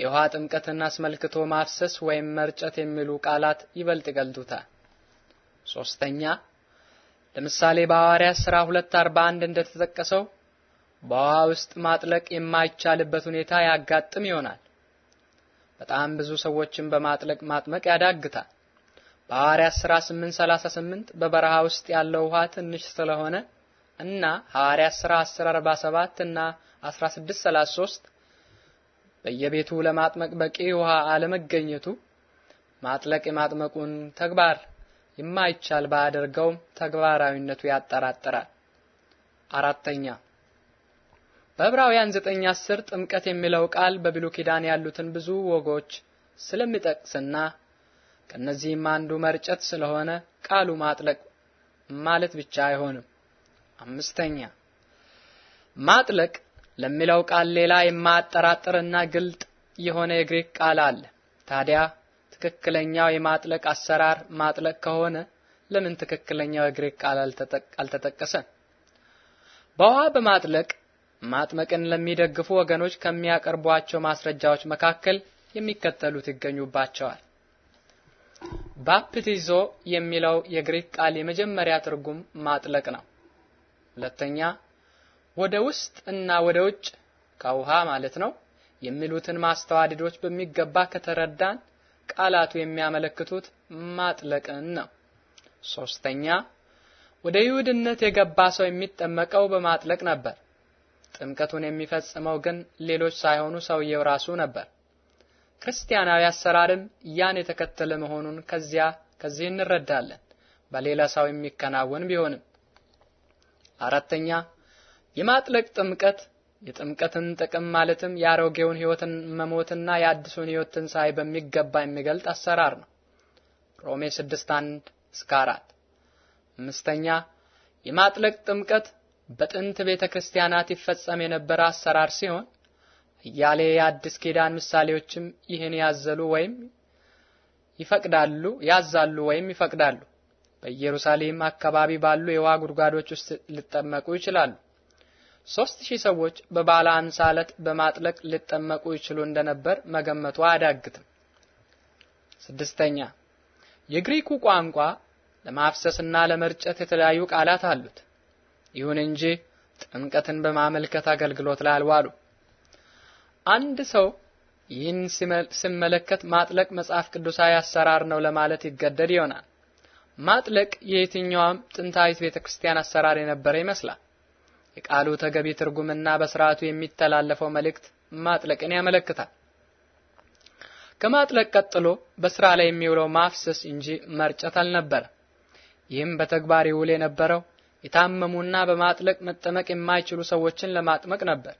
የውሃ ጥምቀትን አስመልክቶ ማፍሰስ ወይም መርጨት የሚሉ ቃላት ይበልጥ ይገልጡታል። ሶስተኛ ለምሳሌ በሐዋርያት ሥራ 2:41 እንደተጠቀሰው በውሃ ውስጥ ማጥለቅ የማይቻልበት ሁኔታ ያጋጥም ይሆናል። በጣም ብዙ ሰዎችን በማጥለቅ ማጥመቅ ያዳግታል። በሐዋርያት ሥራ 8:38 በበረሃ ውስጥ ያለው ውሃ ትንሽ ስለሆነ እና ሐዋርያት ሥራ 47 እና 1633 በየቤቱ ለማጥመቅ በቂ ውሃ አለመገኘቱ ማጥለቅ የማጥመቁን ተግባር የማይቻል ባያደርገውም ተግባራዊነቱ ያጠራጥራል። አራተኛ በዕብራውያን 10 ጥምቀት የሚለው ቃል በብሉይ ኪዳን ያሉትን ብዙ ወጎች ስለሚጠቅስና ከነዚህም አንዱ መርጨት ስለሆነ ቃሉ ማጥለቅ ማለት ብቻ አይሆንም። አምስተኛ ማጥለቅ ለሚለው ቃል ሌላ የማያጠራጥርና ግልጥ የሆነ የግሪክ ቃል አለ። ታዲያ ትክክለኛው የማጥለቅ አሰራር ማጥለቅ ከሆነ ለምን ትክክለኛው የግሪክ ቃል አልተጠቀሰም? በውሃ በማጥለቅ ማጥመቅን ለሚደግፉ ወገኖች ከሚያቀርቧቸው ማስረጃዎች መካከል የሚከተሉት ይገኙባቸዋል። ባፕቲዞ የሚለው የግሪክ ቃል የመጀመሪያ ትርጉም ማጥለቅ ነው። ሁለተኛ ወደ ውስጥ እና ወደ ውጭ ከውሃ ማለት ነው የሚሉትን ማስተዋደዶች በሚገባ ከተረዳን ቃላቱ የሚያመለክቱት ማጥለቅን ነው። ሶስተኛ ወደ ይሁድነት የገባ ሰው የሚጠመቀው በማጥለቅ ነበር። ጥምቀቱን የሚፈጽመው ግን ሌሎች ሳይሆኑ ሰውየው ራሱ ነበር። ክርስቲያናዊ አሰራርም ያን የተከተለ መሆኑን ከዚያ ከዚህ እንረዳለን። በሌላ ሰው የሚከናወን ቢሆንም አራተኛ የማጥለቅ ጥምቀት የጥምቀትን ጥቅም ማለትም የአሮጌውን ሕይወትን መሞትና የአዲሱን ሕይወት ትንሣኤ በሚገባ የሚገልጥ አሰራር ነው። ሮሜ 6 1 እስከ 4። አምስተኛ የማጥለቅ ጥምቀት በጥንት ቤተ ክርስቲያናት ይፈጸም የነበረ አሰራር ሲሆን እያሌ የአዲስ ኪዳን ምሳሌዎችም ይህን ያዘሉ ወይም ይፈቅዳሉ ያዛሉ ወይም ይፈቅዳሉ። በኢየሩሳሌም አካባቢ ባሉ የውሃ ጉድጓዶች ውስጥ ሊጠመቁ ይችላሉ። ሦስት ሺህ ሰዎች በባለ ሃምሳ ዓለት በማጥለቅ ሊጠመቁ ይችሉ እንደነበር መገመቱ አያዳግትም። ስድስተኛ የግሪኩ ቋንቋ ለማፍሰስና ለመርጨት የተለያዩ ቃላት አሉት። ይሁን እንጂ ጥምቀትን በማመልከት አገልግሎት ላይ አልዋሉ። አንድ ሰው ይህን ሲመለከት ማጥለቅ መጽሐፍ ቅዱሳዊ አሰራር ነው ለማለት ይገደድ ይሆናል። ማጥለቅ የየትኛውም ጥንታዊት ቤተክርስቲያን አሰራር የነበረ ይመስላል። የቃሉ ተገቢ ትርጉምና በስርዓቱ የሚተላለፈው መልእክት ማጥለቅን ያመለክታል። ከማጥለቅ ቀጥሎ በስራ ላይ የሚውለው ማፍሰስ እንጂ መርጨት አልነበረ። ይህም በተግባር ይውል የነበረው የታመሙና በማጥለቅ መጠመቅ የማይችሉ ሰዎችን ለማጥመቅ ነበር።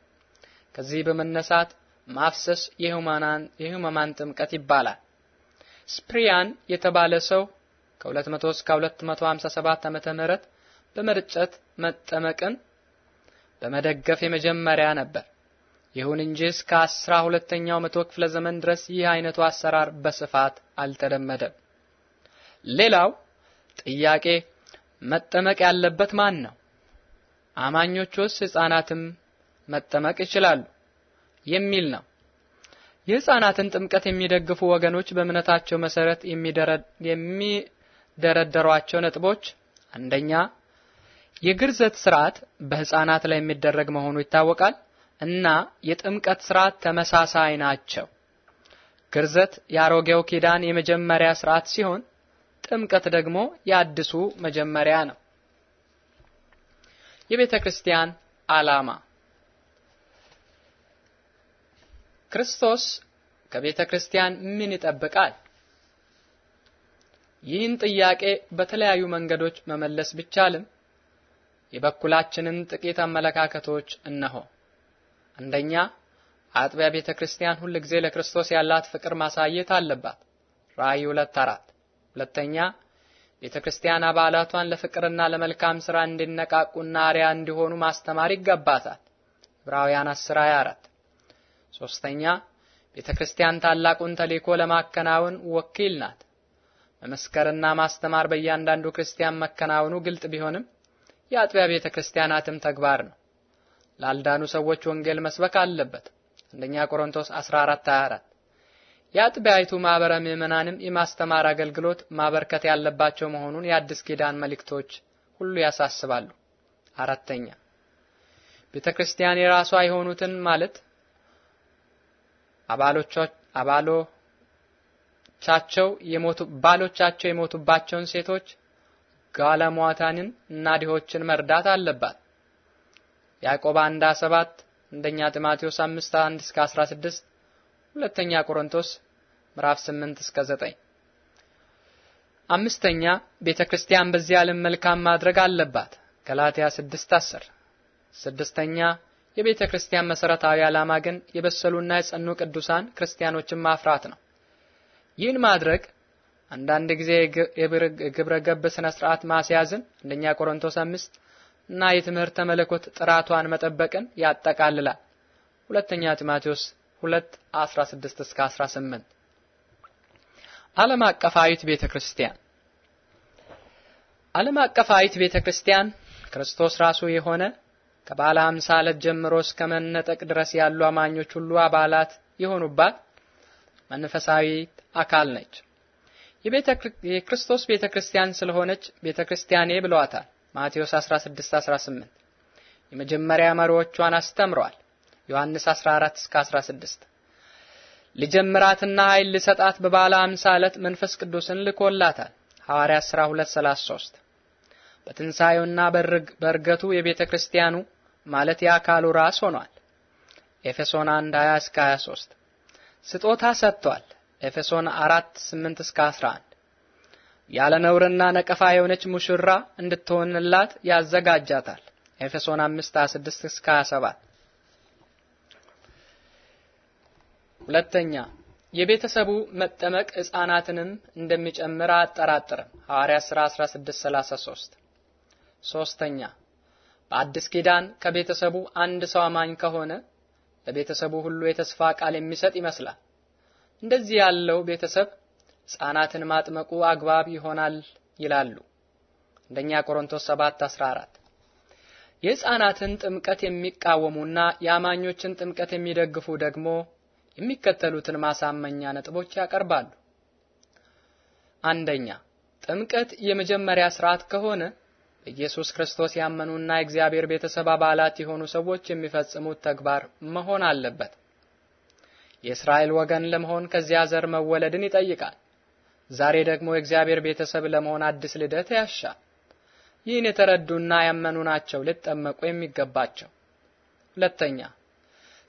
ከዚህ በመነሳት ማፍሰስ የህሙማን ጥምቀት ይባላል። ስፕሪያን የተባለ ሰው ከ200 እስከ 257 ዓመተ ምህረት በመርጨት መጠመቅን በመደገፍ የመጀመሪያ ነበር። ይሁን እንጂ እስከ አስራ ሁለተኛው መቶ ክፍለ ዘመን ድረስ ይህ አይነቱ አሰራር በስፋት አልተለመደም። ሌላው ጥያቄ መጠመቅ ያለበት ማን ነው? አማኞች ውስጥ ሕፃናትም መጠመቅ ይችላሉ የሚል ነው። የሕፃናትን ጥምቀት የሚደግፉ ወገኖች በእምነታቸው መሰረት የሚ የደረደሯቸው ነጥቦች አንደኛ የግርዘት ስርዓት በህፃናት ላይ የሚደረግ መሆኑ ይታወቃል እና የጥምቀት ስርዓት ተመሳሳይ ናቸው። ግርዘት የአሮጌው ኪዳን የመጀመሪያ ስርዓት ሲሆን ጥምቀት ደግሞ የአዲሱ መጀመሪያ ነው። የቤተ ክርስቲያን ዓላማ ክርስቶስ ከቤተ ክርስቲያን ምን ይጠብቃል? ይህን ጥያቄ በተለያዩ መንገዶች መመለስ ቢቻልም የበኩላችንን ጥቂት አመለካከቶች እነሆ። አንደኛ፣ አጥቢያ ቤተ ክርስቲያን ሁል ጊዜ ለክርስቶስ ያላት ፍቅር ማሳየት አለባት ራእይ 2 4 ሁለተኛ ቤተ ክርስቲያን አባላቷን ለፍቅርና ለመልካም ስራ እንዲነቃቁና አሪያ እንዲሆኑ ማስተማር ይገባታል ዕብራውያን 10 24 ሶስተኛ ቤተ ክርስቲያን ታላቁን ተልእኮ ለማከናወን ወኪል ናት መመስከርና ማስተማር በእያንዳንዱ ክርስቲያን መከናወኑ ግልጥ ቢሆንም የአጥቢያ ቤተ ክርስቲያናትም ተግባር ነው። ላልዳኑ ሰዎች ወንጌል መስበክ አለበት። አንደኛ ቆሮንቶስ 14:24 የአጥቢያይቱ ማህበረ ምእመናንም የማስተማር አገልግሎት ማበርከት ያለባቸው መሆኑን የአዲስ ኪዳን መልእክቶች ሁሉ ያሳስባሉ። አራተኛ ቤተ ክርስቲያን የራሷ የሆኑትን ማለት አባሎቿ አባሎ ባሎቻቸው የሞቱ ባሎቻቸው የሞቱባቸውን ሴቶች ጋለሟታንን እና ድሆችን መርዳት አለባት። ያዕቆብ 1 7 አንደኛ ጢሞቴዎስ 5 1 እስከ 16 ሁለተኛ ቆሮንቶስ ምዕራፍ 8 እስከ 9። አምስተኛ ቤተ ክርስቲያን በዚህ ዓለም መልካም ማድረግ አለባት። ገላትያ 6 10። ስድስተኛ የቤተ ክርስቲያን መሰረታዊ ዓላማ ግን የበሰሉና የጸኑ ቅዱሳን ክርስቲያኖችን ማፍራት ነው። ይህን ማድረግ አንዳንድ ጊዜ የግብረ ገብ ስነ ስርዓት ማስያዝን አንደኛ ቆሮንቶስ አምስት እና የትምህርተ መለኮት ጥራቷን መጠበቅን ያጠቃልላል። ሁለተኛ ጢማቴዎስ 2 16 እስከ 18 ዓለም አቀፋዊት ቤተክርስቲያን ዓለም አቀፋዊት ቤተክርስቲያን ክርስቶስ ራሱ የሆነ ከባለ 50 ዕለት ጀምሮ እስከ መነጠቅ ድረስ ያሉ አማኞች ሁሉ አባላት የሆኑባት መንፈሳዊት አካል ነች። የክርስቶስ ቤተ ክርስቲያን ስለሆነች ቤተ ክርስቲያኔ ብለዋታል። ማቴዎስ 16 18 የመጀመሪያ መሪዎቿን አስተምሯል። ዮሐንስ 14 እስከ 16 ልጀምራትና ኃይል ልሰጣት በባለ አምሳ ዕለት መንፈስ ቅዱስን ልኮላታል። ሐዋርያ 12 33 በትንሣኤውና በእርገቱ የቤተ ክርስቲያኑ ማለት የአካሉ ራስ ሆኗል። ኤፌሶን 1 20 እስከ 23 ስጦታ ሰጥቷል። ኤፌሶን 4 8 እስከ 11 ያለ ነውርና ነቀፋ የሆነች ሙሽራ እንድትሆንላት ያዘጋጃታል። ኤፌሶን 5 26 እስከ 27 ሁለተኛ የቤተሰቡ መጠመቅ ሕፃናትንም እንደሚጨምር አያጠራጥርም። ሐዋርያ ሥራ 33 ሶስተኛ በአዲስ ኪዳን ከቤተሰቡ አንድ ሰው አማኝ ከሆነ ለቤተሰቡ ሁሉ የተስፋ ቃል የሚሰጥ ይመስላል። እንደዚህ ያለው ቤተሰብ ሕፃናትን ማጥመቁ አግባብ ይሆናል ይላሉ። አንደኛ ቆሮንቶስ 7:14 የሕፃናትን ጥምቀት የሚቃወሙና የአማኞችን ጥምቀት የሚደግፉ ደግሞ የሚከተሉትን ማሳመኛ ነጥቦች ያቀርባሉ። አንደኛ ጥምቀት የመጀመሪያ ስርዓት ከሆነ በኢየሱስ ክርስቶስ ያመኑና የእግዚአብሔር ቤተሰብ አባላት የሆኑ ሰዎች የሚፈጽሙት ተግባር መሆን አለበት። የእስራኤል ወገን ለመሆን ከዚያ ዘር መወለድን ይጠይቃል። ዛሬ ደግሞ የእግዚአብሔር ቤተሰብ ለመሆን አዲስ ልደት ያሻል። ይህን የተረዱና ያመኑ ናቸው ሊጠመቁ የሚገባቸው። ሁለተኛ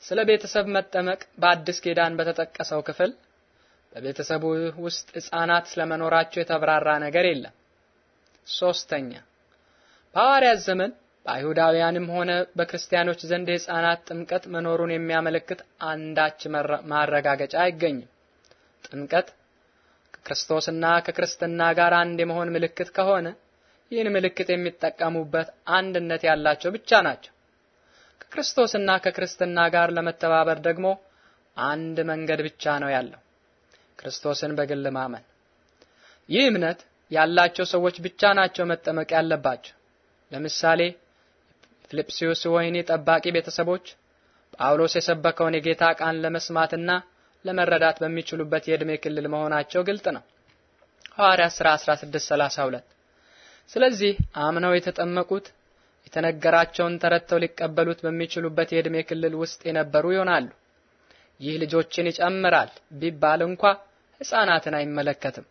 ስለ ቤተሰብ መጠመቅ በአዲስ ኪዳን በተጠቀሰው ክፍል በቤተሰቡ ውስጥ ሕፃናት ስለመኖራቸው የተብራራ ነገር የለም። ሶስተኛ በሐዋርያት ዘመን በአይሁዳውያንም ሆነ በክርስቲያኖች ዘንድ የሕፃናት ጥምቀት መኖሩን የሚያመለክት አንዳች ማረጋገጫ አይገኝም። ጥምቀት ከክርስቶስና ከክርስትና ጋር አንድ የመሆን ምልክት ከሆነ ይህን ምልክት የሚጠቀሙበት አንድነት ያላቸው ብቻ ናቸው። ከክርስቶስና ከክርስትና ጋር ለመተባበር ደግሞ አንድ መንገድ ብቻ ነው ያለው፣ ክርስቶስን በግል ማመን። ይህ እምነት ያላቸው ሰዎች ብቻ ናቸው መጠመቅ ያለባቸው። ለምሳሌ ፊልጵስዩስ ወይኒ ጠባቂ ቤተሰቦች ጳውሎስ የሰበከውን የጌታ ቃል ለመስማትና ለመረዳት በሚችሉበት የዕድሜ ክልል መሆናቸው ግልጥ ነው። ሐዋርያ ሥራ 16:32 ስለዚህ አምነው የተጠመቁት የተነገራቸውን ተረድተው ሊቀበሉት በሚችሉበት የዕድሜ ክልል ውስጥ የነበሩ ይሆናሉ። ይህ ልጆችን ይጨምራል ቢባል እንኳ ሕፃናትን አይመለከትም።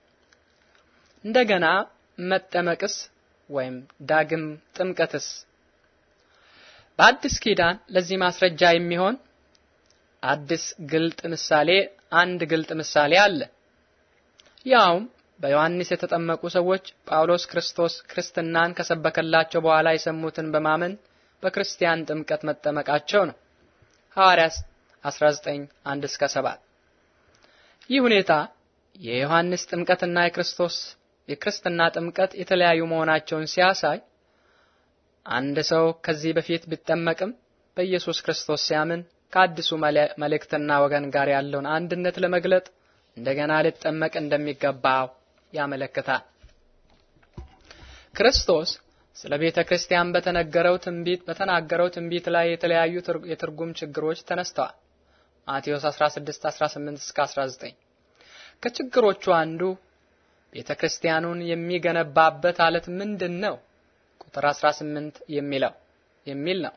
እንደገና መጠመቅስ ወይም ዳግም ጥምቀትስ? በአዲስ ኪዳን ለዚህ ማስረጃ የሚሆን አዲስ ግልጥ ምሳሌ አንድ ግልጥ ምሳሌ አለ። ያውም በዮሐንስ የተጠመቁ ሰዎች ጳውሎስ ክርስቶስ ክርስትናን ከሰበከላቸው በኋላ የሰሙትን በማመን በክርስቲያን ጥምቀት መጠመቃቸው ነው። ሐዋርያት 19 1 እስከ 7 ይህ ሁኔታ የዮሐንስ ጥምቀትና የክርስቶስ የክርስትና ጥምቀት የተለያዩ መሆናቸውን ሲያሳይ አንድ ሰው ከዚህ በፊት ቢጠመቅም በኢየሱስ ክርስቶስ ሲያምን ከአዲሱ መልእክትና ወገን ጋር ያለውን አንድነት ለመግለጥ እንደገና ሊጠመቅ እንደሚገባው ያመለክታል። ክርስቶስ ስለ ቤተ ክርስቲያን በተነገረው ትንቢት በተናገረው ትንቢት ላይ የተለያዩ የትርጉም ችግሮች ተነስተዋል። ማቴዎስ 16:18 እስከ 19 ከችግሮቹ አንዱ ቤተ ክርስቲያኑን የሚገነባበት አለት ምንድን ነው? ቁጥር 18 የሚለው የሚል ነው።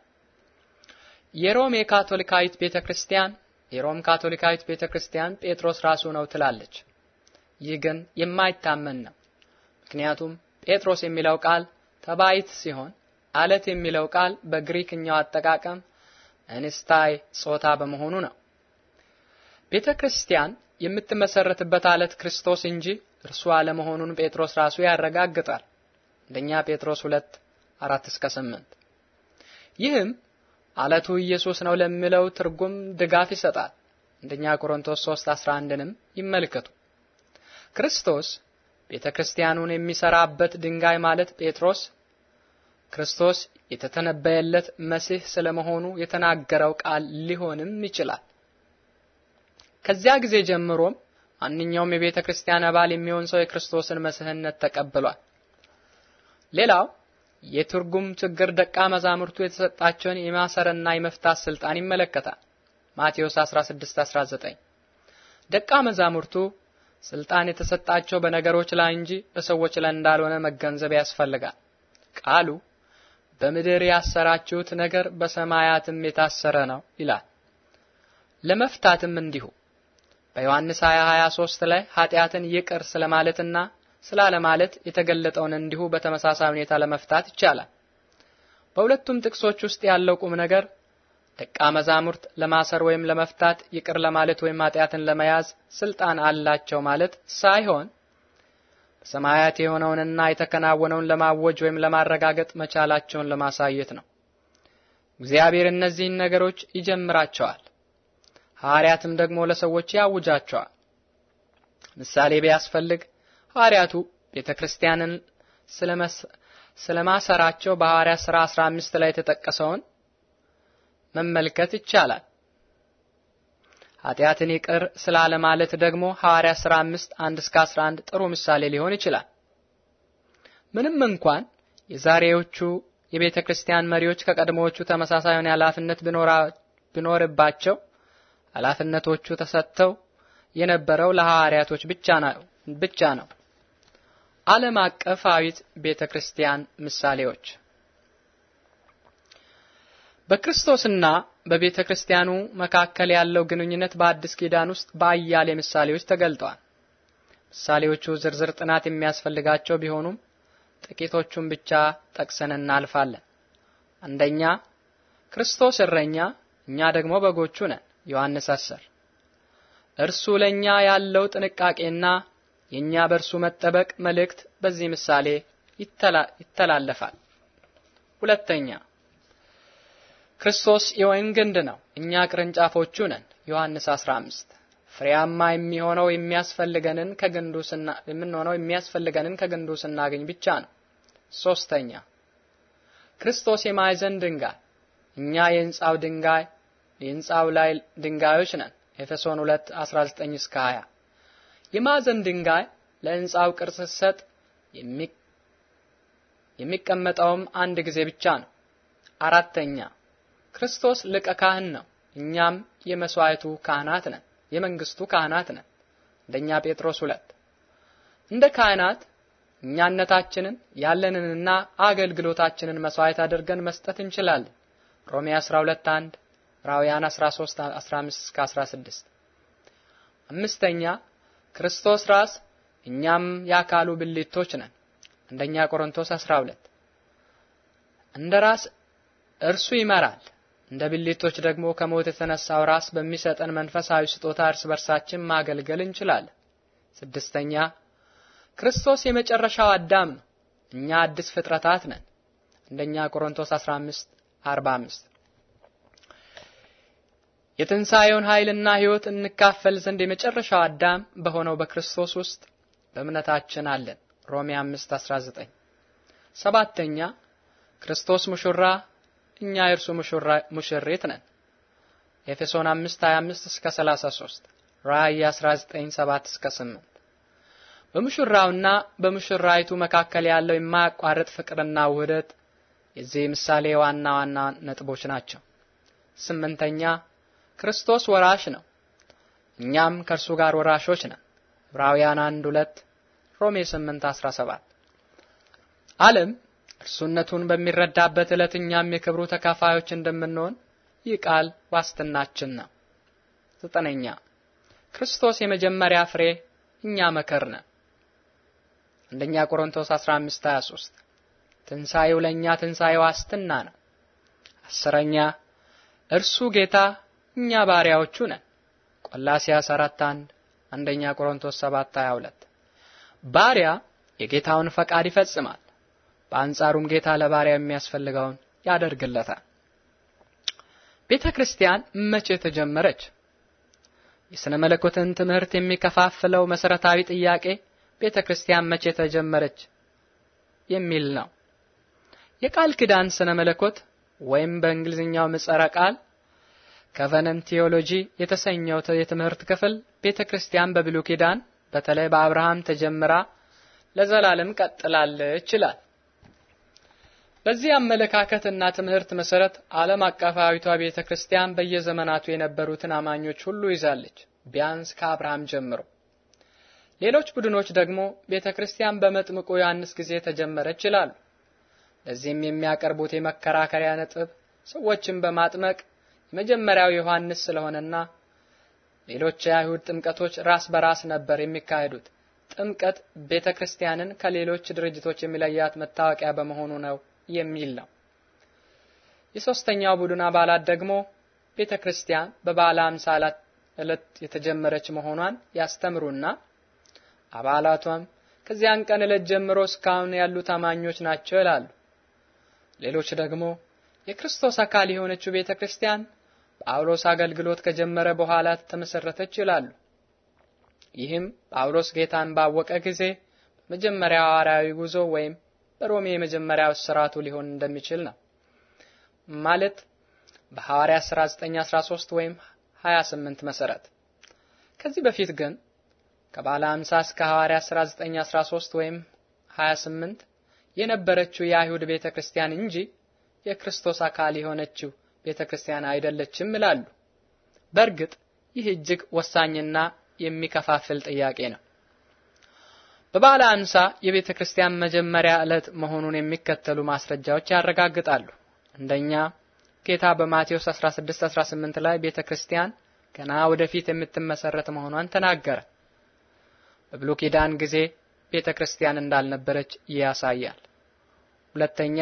የሮም የካቶሊካዊት ቤተ ክርስቲያን የሮም ካቶሊካዊት ቤተ ክርስቲያን ጴጥሮስ ራሱ ነው ትላለች። ይህ ግን የማይታመን ነው። ምክንያቱም ጴጥሮስ የሚለው ቃል ተባይት ሲሆን አለት የሚለው ቃል በግሪክኛው አጠቃቀም እንስታይ ጾታ በመሆኑ ነው። ቤተ ክርስቲያን የምትመሰረትበት አለት ክርስቶስ እንጂ እርሱ አለመሆኑን ጴጥሮስ ራሱ ያረጋግጣል። አንደኛ ጴጥሮስ 2 4 እስከ 8። ይህም አለቱ ኢየሱስ ነው ለሚለው ትርጉም ድጋፍ ይሰጣል። አንደኛ ቆሮንቶስ 3 11ንም ይመልከቱ። ክርስቶስ ቤተ ክርስቲያኑን የሚሰራበት ድንጋይ ማለት ጴጥሮስ ክርስቶስ የተተነበየለት መሲህ ስለመሆኑ የተናገረው ቃል ሊሆንም ይችላል። ከዚያ ጊዜ ጀምሮም ማንኛውም የቤተ ክርስቲያን አባል የሚሆን ሰው የክርስቶስን መስህነት ተቀብሏል። ሌላው የትርጉም ችግር ደቀ መዛሙርቱ የተሰጣቸውን የማሰርና የመፍታት ስልጣን ይመለከታል። ማቴዎስ 16:19 ደቀ መዛሙርቱ ስልጣን የተሰጣቸው በነገሮች ላይ እንጂ በሰዎች ላይ እንዳልሆነ መገንዘብ ያስፈልጋል። ቃሉ በምድር ያሰራችሁት ነገር በሰማያትም የታሰረ ነው ይላል። ለመፍታትም እንዲሁ በዮሐንስ 20 23 ላይ ኃጢአትን ይቅር ስለማለትና ስላለማለት የተገለጠውን እንዲሁ በተመሳሳይ ሁኔታ ለመፍታት ይቻላል። በሁለቱም ጥቅሶች ውስጥ ያለው ቁም ነገር ደቀ መዛሙርት ለማሰር ወይም ለመፍታት ይቅር ለማለት ወይም ኃጢአትን ለመያዝ ስልጣን አላቸው ማለት ሳይሆን በሰማያት የሆነውንና የተከናወነውን ለማወጅ ወይም ለማረጋገጥ መቻላቸውን ለማሳየት ነው። እግዚአብሔር እነዚህን ነገሮች ይጀምራቸዋል። ሐዋርያትም ደግሞ ለሰዎች ያውጃቸዋል። ምሳሌ ቢያስፈልግ ሐዋርያቱ ቤተክርስቲያንን ስለማሰራቸው በሐዋርያ ሥራ 15 ላይ የተጠቀሰውን መመልከት ይቻላል። ኃጢአትን ይቅር ስላለማለት ደግሞ ሐዋርያ ሥራ 5 1 እስከ 11 ጥሩ ምሳሌ ሊሆን ይችላል። ምንም እንኳን የዛሬዎቹ የቤተ ክርስቲያን መሪዎች ከቀድሞዎቹ ተመሳሳይ ኃላፊነት ቢኖርባቸው ኃላፊነቶቹ ተሰጥተው የነበረው ለሐዋርያቶች ብቻ ነው ብቻ ነው። ዓለም አቀፋዊት ቤተ ክርስቲያን ምሳሌዎች በክርስቶስና በቤተ ክርስቲያኑ መካከል ያለው ግንኙነት በአዲስ ኪዳን ውስጥ በአያሌ ምሳሌዎች ተገልጧል። ምሳሌዎቹ ዝርዝር ጥናት የሚያስፈልጋቸው ቢሆኑም ጥቂቶቹን ብቻ ጠቅሰን እናልፋለን። አንደኛ፣ ክርስቶስ እረኛ፣ እኛ ደግሞ በጎቹ ነን። ዮሐንስ 10 እርሱ ለኛ ያለው ጥንቃቄና የኛ በርሱ መጠበቅ መልእክት በዚህ ምሳሌ ይተላለፋል። ሁለተኛ ክርስቶስ የወይን ግንድ ነው፣ እኛ ቅርንጫፎቹ ነን። ዮሐንስ 15 ፍሬያማ የሚሆነው የሚያስፈልገንን ከግንዱ ስና የምንሆነው የሚያስፈልገንን ከግንዱ ስናገኝ ብቻ ነው። ሶስተኛ ክርስቶስ የማዕዘን ድንጋይ፣ እኛ የሕንጻው ድንጋይ የህንፃው ላይ ድንጋዮች ነን። ኤፌሶን 2 19 እስከ 20 የማዕዘን ድንጋይ ለህንፃው ቅርጽ ሲሰጥ የሚቀመጠውም አንድ ጊዜ ብቻ ነው። አራተኛ ክርስቶስ ሊቀ ካህን ነው፣ እኛም የመስዋዕቱ ካህናት ነን፣ የመንግስቱ ካህናት ነን። አንደኛ ጴጥሮስ 2 እንደ ካህናት እኛነታችንን ያለንንና አገልግሎታችንን መስዋዕት አድርገን መስጠት እንችላለን። ሮሜ 12 1 ራውያን 13 15 እስከ 16። አምስተኛ ክርስቶስ ራስ እኛም የአካሉ ብልቶች ነን። አንደኛ ቆሮንቶስ 12 እንደ ራስ እርሱ ይመራል፣ እንደ ብልቶች ደግሞ ከሞት የተነሳው ራስ በሚሰጠን መንፈሳዊ ስጦታ እርስ በርሳችን ማገልገል እንችላለን። ስድስተኛ ክርስቶስ የመጨረሻው አዳም ነው፣ እኛ አዲስ ፍጥረታት ነን። አንደኛ ቆሮንቶስ 15 45 የትንሣኤውን ኃይልና ሕይወት እንካፈል ዘንድ የመጨረሻው አዳም በሆነው በክርስቶስ ውስጥ በእምነታችን አለን። ሮሜ 5:19 ሰባተኛ ክርስቶስ ሙሽራ፣ እኛ የእርሱ ሙሽራ ሙሽሪት ነን። ኤፌሶን 5:25 እስከ 33 ራእይ 19:7 እስከ 8 በሙሽራውና በሙሽራይቱ መካከል ያለው የማያቋርጥ ፍቅርና ውህደት የዚህ ምሳሌ ዋና ዋና ነጥቦች ናቸው። ስምንተኛ ክርስቶስ ወራሽ ነው፣ እኛም ከእርሱ ጋር ወራሾች ነን። ዕብራውያን 1 2 ሮሜ 8 17 ዓለም እርሱነቱን በሚረዳበት ዕለት እኛም የክብሩ ተካፋዮች እንደምንሆን ይህ ቃል ዋስትናችን ነው። ዘጠነኛ ክርስቶስ የመጀመሪያ ፍሬ፣ እኛ መከር ነን። አንደኛ ቆሮንቶስ 15 23 ትንሣኤው ለእኛ ትንሣኤ ዋስትና ነው። አስረኛ እርሱ ጌታ እኛ ባሪያዎቹ ነን። ቆላስያስ 1 አንደኛ ቆሮንቶስ 22 ባሪያ የጌታውን ፈቃድ ይፈጽማል፣ በአንጻሩም ጌታ ለባሪያ የሚያስፈልገውን ያደርግለታል። ቤተ ክርስቲያን መቼ ተጀመረች? የሥነ መለኮትን ትምህርት የሚከፋፍለው መሰረታዊ ጥያቄ ቤተ ክርስቲያን መቼ ተጀመረች የሚል ነው። የቃል ኪዳን ሥነ መለኮት ወይም በእንግሊዝኛው ምጸረ ቃል ከቨነን ቴዎሎጂ የተሰኘው የትምህርት ክፍል ቤተክርስቲያን በብሉይ ኪዳን በተለይ በአብርሃም ተጀምራ ለዘላለም ቀጥላለች ይላል። በዚህ አመለካከትና ትምህርት መሰረት ዓለም አቀፋዊቷ ቤተክርስቲያን በየዘመናቱ የነበሩትን አማኞች ሁሉ ይዛለች፣ ቢያንስ ከአብርሃም ጀምሮ። ሌሎች ቡድኖች ደግሞ ቤተክርስቲያን በመጥምቁ ዮሐንስ ጊዜ ተጀመረች ይላሉ። ለዚህም የሚያቀርቡት የመከራከሪያ ነጥብ ሰዎችን በማጥመቅ መጀመሪያው ዮሐንስ ስለሆነና ሌሎች የአይሁድ ጥምቀቶች ራስ በራስ ነበር የሚካሄዱት። ጥምቀት ቤተ ክርስቲያንን ከሌሎች ድርጅቶች የሚለያት መታወቂያ በመሆኑ ነው የሚል ነው። የሶስተኛው ቡድን አባላት ደግሞ ቤተ ክርስቲያን በበዓለ ሃምሳ ዕለት የተጀመረች መሆኗን ያስተምሩና አባላቷም ከዚያን ቀን ዕለት ጀምሮ እስካሁን ያሉ ታማኞች ናቸው ይላሉ። ሌሎች ደግሞ የክርስቶስ አካል የሆነችው ቤተ ክርስቲያን ጳውሎስ አገልግሎት ከጀመረ በኋላ ተመሰረተች ይላሉ። ይህም ጳውሎስ ጌታን ባወቀ ጊዜ በመጀመሪያ ሐዋርያዊ ጉዞ ወይም በሮሜ የመጀመሪያው ስራቱ ሊሆን እንደሚችል ነው። ማለት በሐዋርያ 1913 ወይም 28 መሰረት። ከዚህ በፊት ግን ከባለ 50 እስከ ሐዋርያ 1913 9:13 ወይም 28 የነበረችው የአይሁድ ቤተ ክርስቲያን እንጂ የክርስቶስ አካል የሆነችው ቤተ ክርስቲያን አይደለችም ይላሉ። በእርግጥ ይህ እጅግ ወሳኝና የሚከፋፍል ጥያቄ ነው። በበዓለ አምሳ የቤተ ክርስቲያን መጀመሪያ ዕለት መሆኑን የሚከተሉ ማስረጃዎች ያረጋግጣሉ። አንደኛ፣ ጌታ በማቴዎስ 16:18 ላይ ቤተ ክርስቲያን ገና ወደፊት የምትመሰረት መሆኗን ተናገረ። በብሉይ ኪዳን ጊዜ ቤተ ክርስቲያን እንዳልነበረች ያሳያል። ሁለተኛ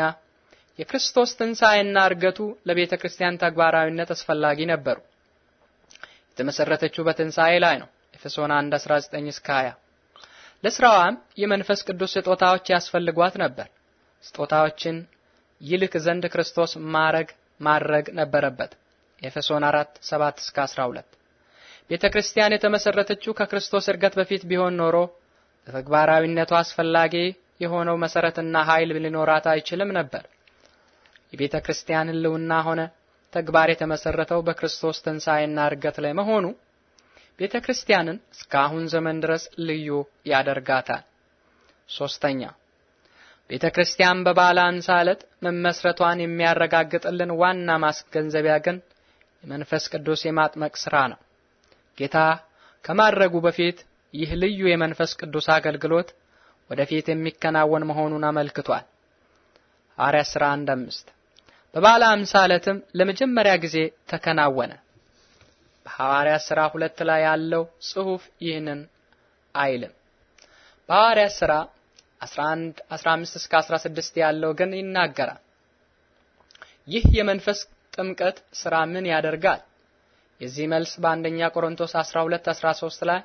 የክርስቶስ ትንሣኤና እርገቱ ለቤተ ክርስቲያን ተግባራዊነት አስፈላጊ ነበሩ። የተመሰረተችው በትንሣኤ ላይ ነው። ኤፌሶን 1 19 እስከ 20። ለስራዋም የመንፈስ ቅዱስ ስጦታዎች ያስፈልጓት ነበር። ስጦታዎችን ይልክ ዘንድ ክርስቶስ ማረግ ማድረግ ነበረበት። ኤፌሶን 4 7 እስከ 12። ቤተ ክርስቲያን የተመሰረተችው ከክርስቶስ እርገት በፊት ቢሆን ኖሮ ለተግባራዊነቱ አስፈላጊ የሆነው መሰረትና ኃይል ሊኖራት አይችልም ነበር። የቤተ ክርስቲያን ሕልውና ሆነ ተግባር የተመሰረተው በክርስቶስ ትንሣኤና እርገት ላይ መሆኑ ቤተ ክርስቲያንን እስካሁን ዘመን ድረስ ልዩ ያደርጋታል። ሶስተኛ ቤተ ክርስቲያን በባለ አንሳ ዕለት መመስረቷን የሚያረጋግጥልን ዋና ማስገንዘቢያ ግን የመንፈስ ቅዱስ የማጥመቅ ስራ ነው። ጌታ ከማድረጉ በፊት ይህ ልዩ የመንፈስ ቅዱስ አገልግሎት ወደፊት የሚከናወን መሆኑን አመልክቷል። ስራ አንድ አምስት በባለ አምሳ ዕለትም ለመጀመሪያ ጊዜ ተከናወነ። በሐዋርያት ሥራ ሁለት ላይ ያለው ጽሑፍ ይህንን አይልም። በሐዋርያት ሥራ 11 15 እስከ 16 ያለው ግን ይናገራል። ይህ የመንፈስ ጥምቀት ሥራ ምን ያደርጋል? የዚህ መልስ በአንደኛ ቆሮንቶስ 12 13 ላይ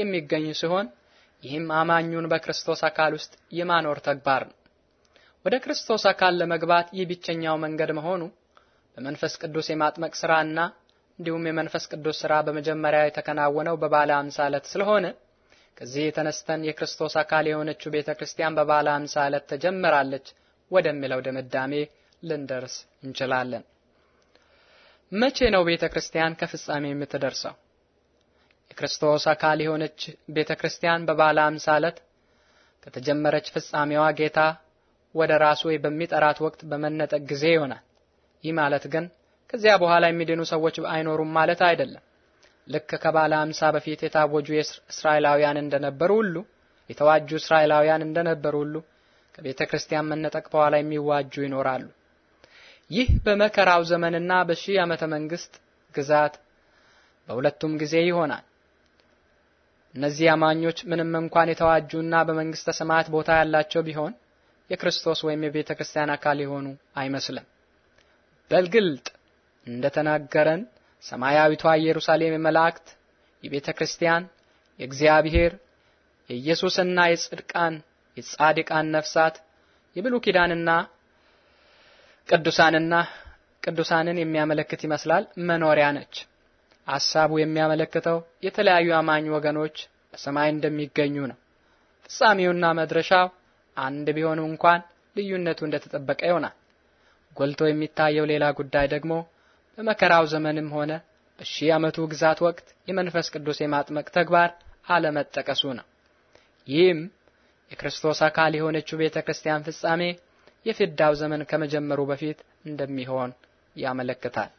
የሚገኝ ሲሆን ይህም አማኙን በክርስቶስ አካል ውስጥ የማኖር ተግባር ነው። ወደ ክርስቶስ አካል ለመግባት ይህ ብቸኛው መንገድ መሆኑ በመንፈስ ቅዱስ የማጥመቅ ስራና እንዲሁም የመንፈስ ቅዱስ ስራ በመጀመሪያ የተከናወነው በባለ ሃምሳ ዕለት ስለሆነ ከዚህ የተነስተን የክርስቶስ አካል የሆነችው ቤተ ክርስቲያን በባለ ሃምሳ ዕለት ተጀምራለች ወደሚለው ድምዳሜ ልንደርስ እንችላለን። መቼ ነው ቤተ ክርስቲያን ከፍጻሜ የምትደርሰው? የክርስቶስ አካል የሆነች ቤተ ክርስቲያን በባለ ሃምሳ ዕለት ከተጀመረች ፍጻሜዋ ጌታ ወደ ራሱ በሚጠራት ወቅት በመነጠቅ ጊዜ ይሆናል። ይህ ማለት ግን ከዚያ በኋላ የሚድኑ ሰዎች አይኖሩም ማለት አይደለም። ልክ ከባለ አምሳ በፊት የታወጁ እስራኤላውያን እንደነበሩ ሁሉ የተዋጁ እስራኤላውያን እንደነበሩ ሁሉ ከቤተ ክርስቲያን መነጠቅ በኋላ የሚዋጁ ይኖራሉ። ይህ በመከራው ዘመንና በሺህ ዓመተ መንግስት ግዛት በሁለቱም ጊዜ ይሆናል። እነዚህ አማኞች ምንም እንኳን የተዋጁና በመንግስተ ሰማያት ቦታ ያላቸው ቢሆን የክርስቶስ ወይም የቤተ ክርስቲያን አካል የሆኑ አይመስልም። በግልጥ እንደተናገረን ሰማያዊቷ ኢየሩሳሌም የመላእክት የቤተ ክርስቲያን የእግዚአብሔር የኢየሱስና የጽድቃን የጻድቃን ነፍሳት የብሉ ኪዳንና ቅዱሳንና ቅዱሳንን የሚያመለክት ይመስላል መኖሪያ ነች። ሐሳቡ የሚያመለክተው የተለያዩ አማኝ ወገኖች በሰማይ እንደሚገኙ ነው። ፍጻሜውና መድረሻው አንድ ቢሆኑ እንኳን ልዩነቱ እንደተጠበቀ ይሆናል። ጎልቶ የሚታየው ሌላ ጉዳይ ደግሞ በመከራው ዘመንም ሆነ በሺህ ዓመቱ ግዛት ወቅት የመንፈስ ቅዱስ የማጥመቅ ተግባር አለመጠቀሱ ነው። ይህም የክርስቶስ አካል የሆነችው ቤተ ክርስቲያን ፍጻሜ የፍዳው ዘመን ከመጀመሩ በፊት እንደሚሆን ያመለክታል።